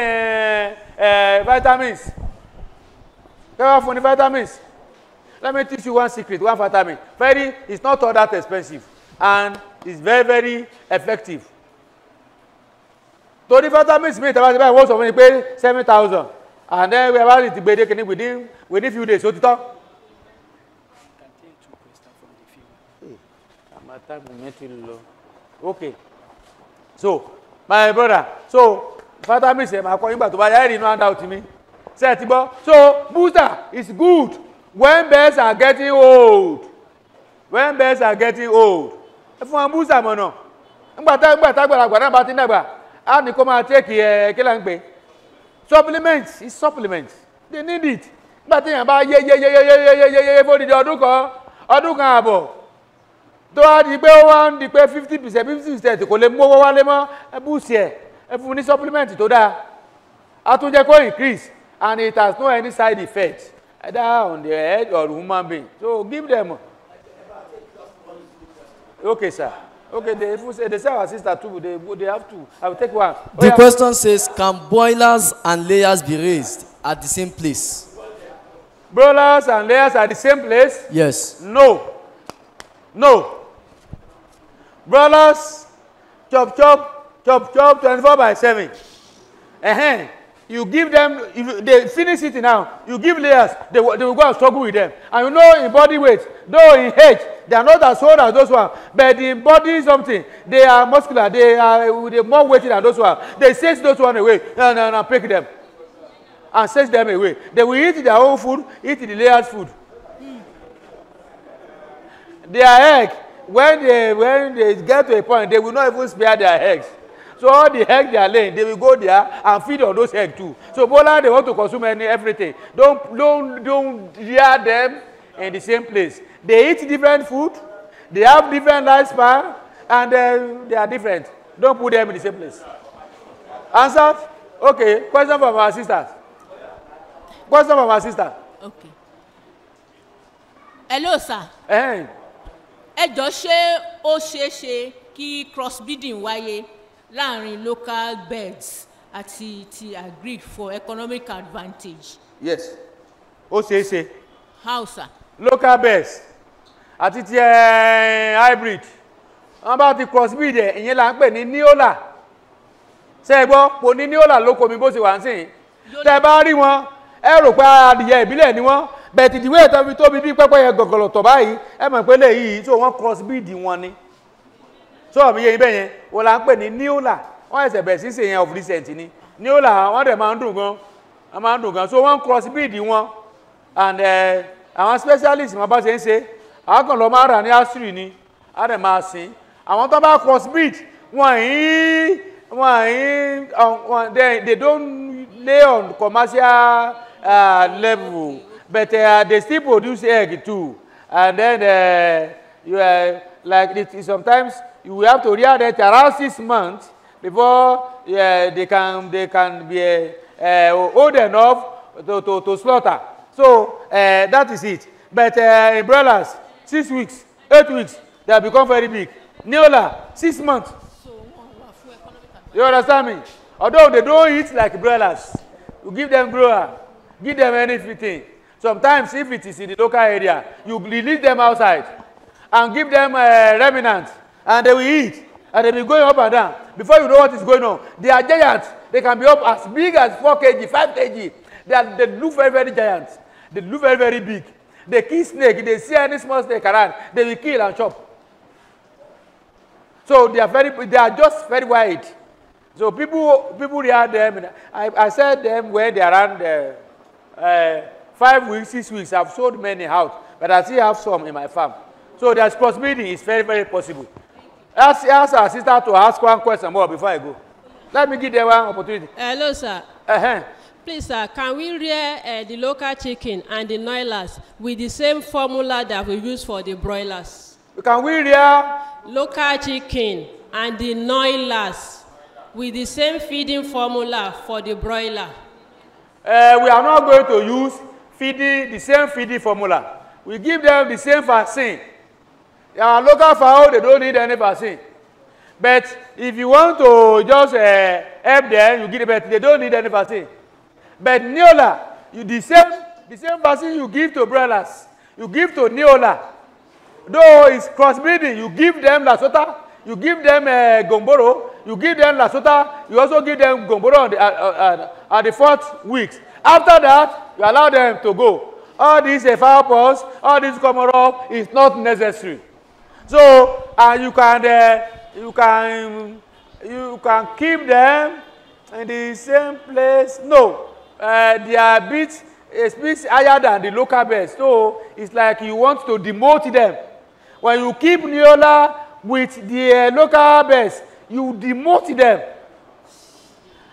vitamins kẹ́ wá fún ní vitamins let me teach you one secret one vitamin very it's not all that expensive and it's very very effective torí vitamins mi ìtàbá ti báyìí wọ́n sọ fún mi pé seven thousand and then we have already gbèdéke ní within within few days ó ti tán. táàbù mẹ́tì so my brother so vitamins ẹ̀ máa kọ́ nígbà tó bá yá ẹ̀rì inú out mi ṣe ti gbọ́ so booster is good when birds are getting old when birds are getting old ẹ fún wọn booster mọ̀nà ngbàtà ngbàtà àgbàlagbà náà bá ti ń dàgbà á ní kó máa take ẹ kí là ń pè supplement is supplements. they need it ngbàtà yẹn bá yé yé yé yé yé yé yé yé fódìdí ọdún kan ọdún kan àbọ̀ tó wá di pé ó wá ń di pé fifty percent fifty percent kò lè mú owó wálé mọ́ ẹ búùsì ẹ̀ ẹ fún un ní supplement tó dáa a tún jẹ́ kó increase and it has no any side effect either on the head or human being so give them okay sir okay they they say our sister too they they have to i will take one. Oh, the yeah. question says can boilers and layers be raised at the same place. boilers and layers at the same place. yes. no. No. Brothers, chop, chop, chop, chop, 24 by 7. Uh-huh. You give them, if they finish it now, you give layers, they, they will go and struggle with them. And you know in body weight, though in age, they are not as old as those one. but in body something, they are muscular, they are they more weighty than those one. They chase those one away and, and, and pick them and chase them away. They will eat their own food, eat the layers' food. Their egg, when they, when they get to a point, they will not even spare their eggs. So all the eggs they are laying, they will go there and feed on those eggs too. So Bola, they want to consume any, everything. Don't, don't, don't rear them in the same place. They eat different food, they have different lifespan, and uh, they are different. Don't put them in the same place. Answer. Okay. Question from our sisters. Question from our sister. Okay. Hello, sir. Hey. Eh? ẹ jọ ṣé ó ṣeé ṣe kí crossbreeding wáyé láàrin local birds àti ti agric for economic advantage. yes ó ṣeé ṣe. how sir. local birds àti ti eh, hybrid wọ́n bá ti crossbreed ẹ̀ ìyẹn là ń pè ní neola ṣe é gbọ́ kò ní neola lóko mi bó ṣe wà ń sìn tẹ́ bá rí wọn ẹ rò pé adìyẹ ìbílẹ̀ ni wọ́n bẹ̀tì ìdíwé ìtàn fi tóbi bí pẹ́pẹ́yẹ gọ̀gọ̀lọ̀ tọ̀ báyìí ẹ mọ̀ pé léyìí tí wọ́n cross breed wọn ni tó ọ̀mí yẹ ibẹ̀ yẹn wọ́n là ń pè ní neola wọ́n ẹ̀sẹ̀ bẹ̀rẹ̀ sí sèyàn of recent ni neola wọ́n dẹ̀ máa ń dùn gan wọ́n máa ń dùn gan so wọ́n cross breed wọn and eh, àwọn specialist wọn bá ṣe ń ṣe àákàn lọ máa rà ní astri ni a dẹ̀ máa sìn àwọn tó bá cross breed wọn yìí wọn yìí they don't lay on commercial uh, level But uh, they still produce egg too. And then uh, you uh, like it, sometimes you have to rear it around six months before yeah uh, they can they can be uh, uh, old enough to, to, to slaughter. So uh, that is it. But uh, in broilers, six weeks, eight weeks, they have become very big. Neola, six months. You understand me? Although they don't eat like broilers, you give them grower, give them anything. Sometimes, if it is in the local area, you release them outside and give them uh, remnants, and they will eat, and they will go up and down. Before you know what is going on, they are giants. They can be up as big as 4 kg, 5 kg. They, are, they look very, very giant. They look very, very big. They kill snake. they see any small snake around, they will kill and chop. So they are very, they are just very wide. So people, people react them. I, I said them when they are around the. Uh, eh, five weeks, six weeks, I've sold many out, but I still have some in my farm. So there's possibility. It's very, very possible. Ask, ask our sister to ask one question more before I go. Let me give them one opportunity. Eh, hello, sir. Uh-huh. Please, sir, can we rear uh, the local chicken and the noilers with the same formula that we use for the broilers? Can we rear? Local chicken and the noilers with the same feeding formula for the broiler. Uh, we are not going to use feeding, the same feeding formula. We give them the same vaccine. Our local fowl, they don't need any vaccine. But if you want to just uh, help them, you give them, but they don't need any vaccine. But Neola, you, the, same, the same vaccine you give to broilers, you give to Neola. Though it's crossbreeding, you give them Lasota, you give them uh, Gomboro, you give them Lasota, you also give them Gomboro at the, uh, uh, uh, at the fourth weeks. After that, you allow them to go. All this evaporates, all this come around is not necessary. So, and you can, uh, you can, you can keep them in the same place. No, uh, they are a bit, a bit higher than the local base. So, it's like you want to demote them. When you keep Neola with the uh, local base, you demote them.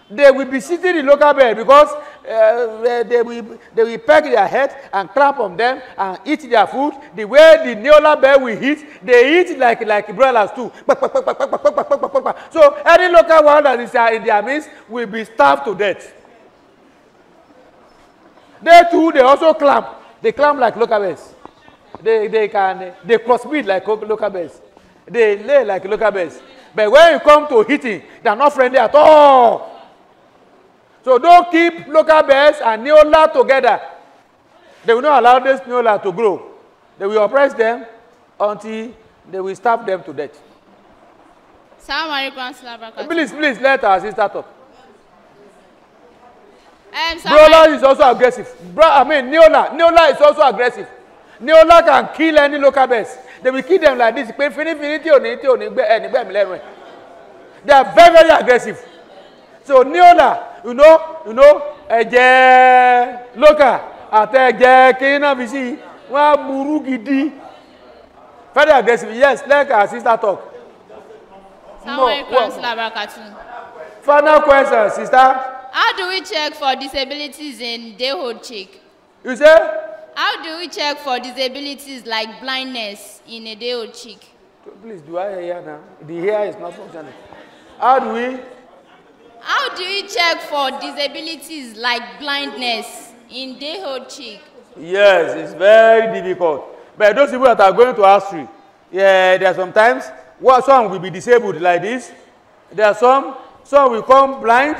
They will be sitting in local bed because uh, uh, they, will, they will peck their heads and clap on them and eat their food. The way the Neola bear will eat, they eat like, like brothers too. So any local one that is uh, in their midst will be starved to death. They too, they also clamp. They clamp like local bears. They, they can, they crossbreed like local bears. They lay like local bears. But when you come to eating, they are not friendly at all. So don't keep local birds and Neola together. They will not allow this Neola to grow. They will oppress them until they will starve them to death. Eh, please, please, let our sister talk. Eh, um, Brola is also aggressive. Bro, I mean, Neola. Neola is also aggressive. Neola can kill any local birds. They will kill them like this. Eh, e. They are very very aggressive. So Neola you know you know ẹ̀jẹ̀ local àti ẹ̀jẹ̀ kínàbísí wọ́n á burú gidi very aggressive yes like our sister talk. Assalamu alaikum Final question, sister. How do we check for disabilities in dayhood chick? You say? How do we check for disabilities like blindness in a dayhood chick? Please, do I hear now? The hair is not functioning. How do we How do you check for disabilities like blindness in day-old chick? Yes, it's very difficult. But those people that are going to ASRI, yeah, there are sometimes well, some will be disabled like this. There are some, some will come blind.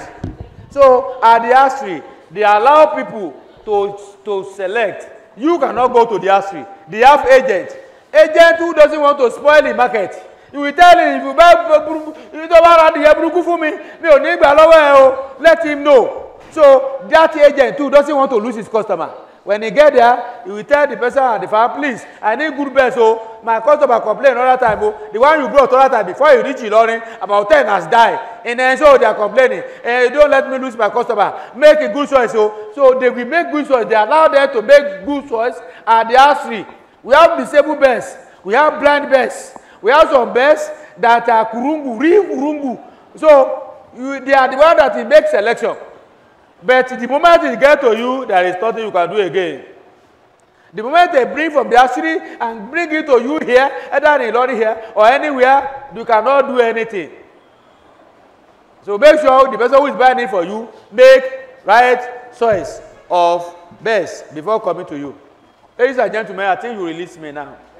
So at the ASRI, they allow people to, to select. You cannot go to the ASRI. They have agent. Agent who doesn't want to spoil the market ìwítẹ́lì ìfúbẹ́ burúkú tó bá ra adìyẹ burúkú fún mi mi ò ní gbà lọ́wọ́ ẹ o let him know so that agent too doesn't want to lose his customer when he get there he will tell the person at the farm please i need good best o my customer complain another time o the one you brought another time before you reach ilorin about ten has died, and then so they are complaining eh don't let me lose my customer make a good choice o so they will make good choice they allow them to make good choice at the nursery we have disabled birds we have blind birds We have some birds that are kurungu, real kurungu. So you, they are the one that make selection. But the moment it get to you, there is nothing you can do again. The moment they bring from their city and bring it to you here, either in Lori here or anywhere, you cannot do anything. So make sure the person who is buying it for you make right choice of best before coming to you. Ladies and gentlemen, I think you release me now.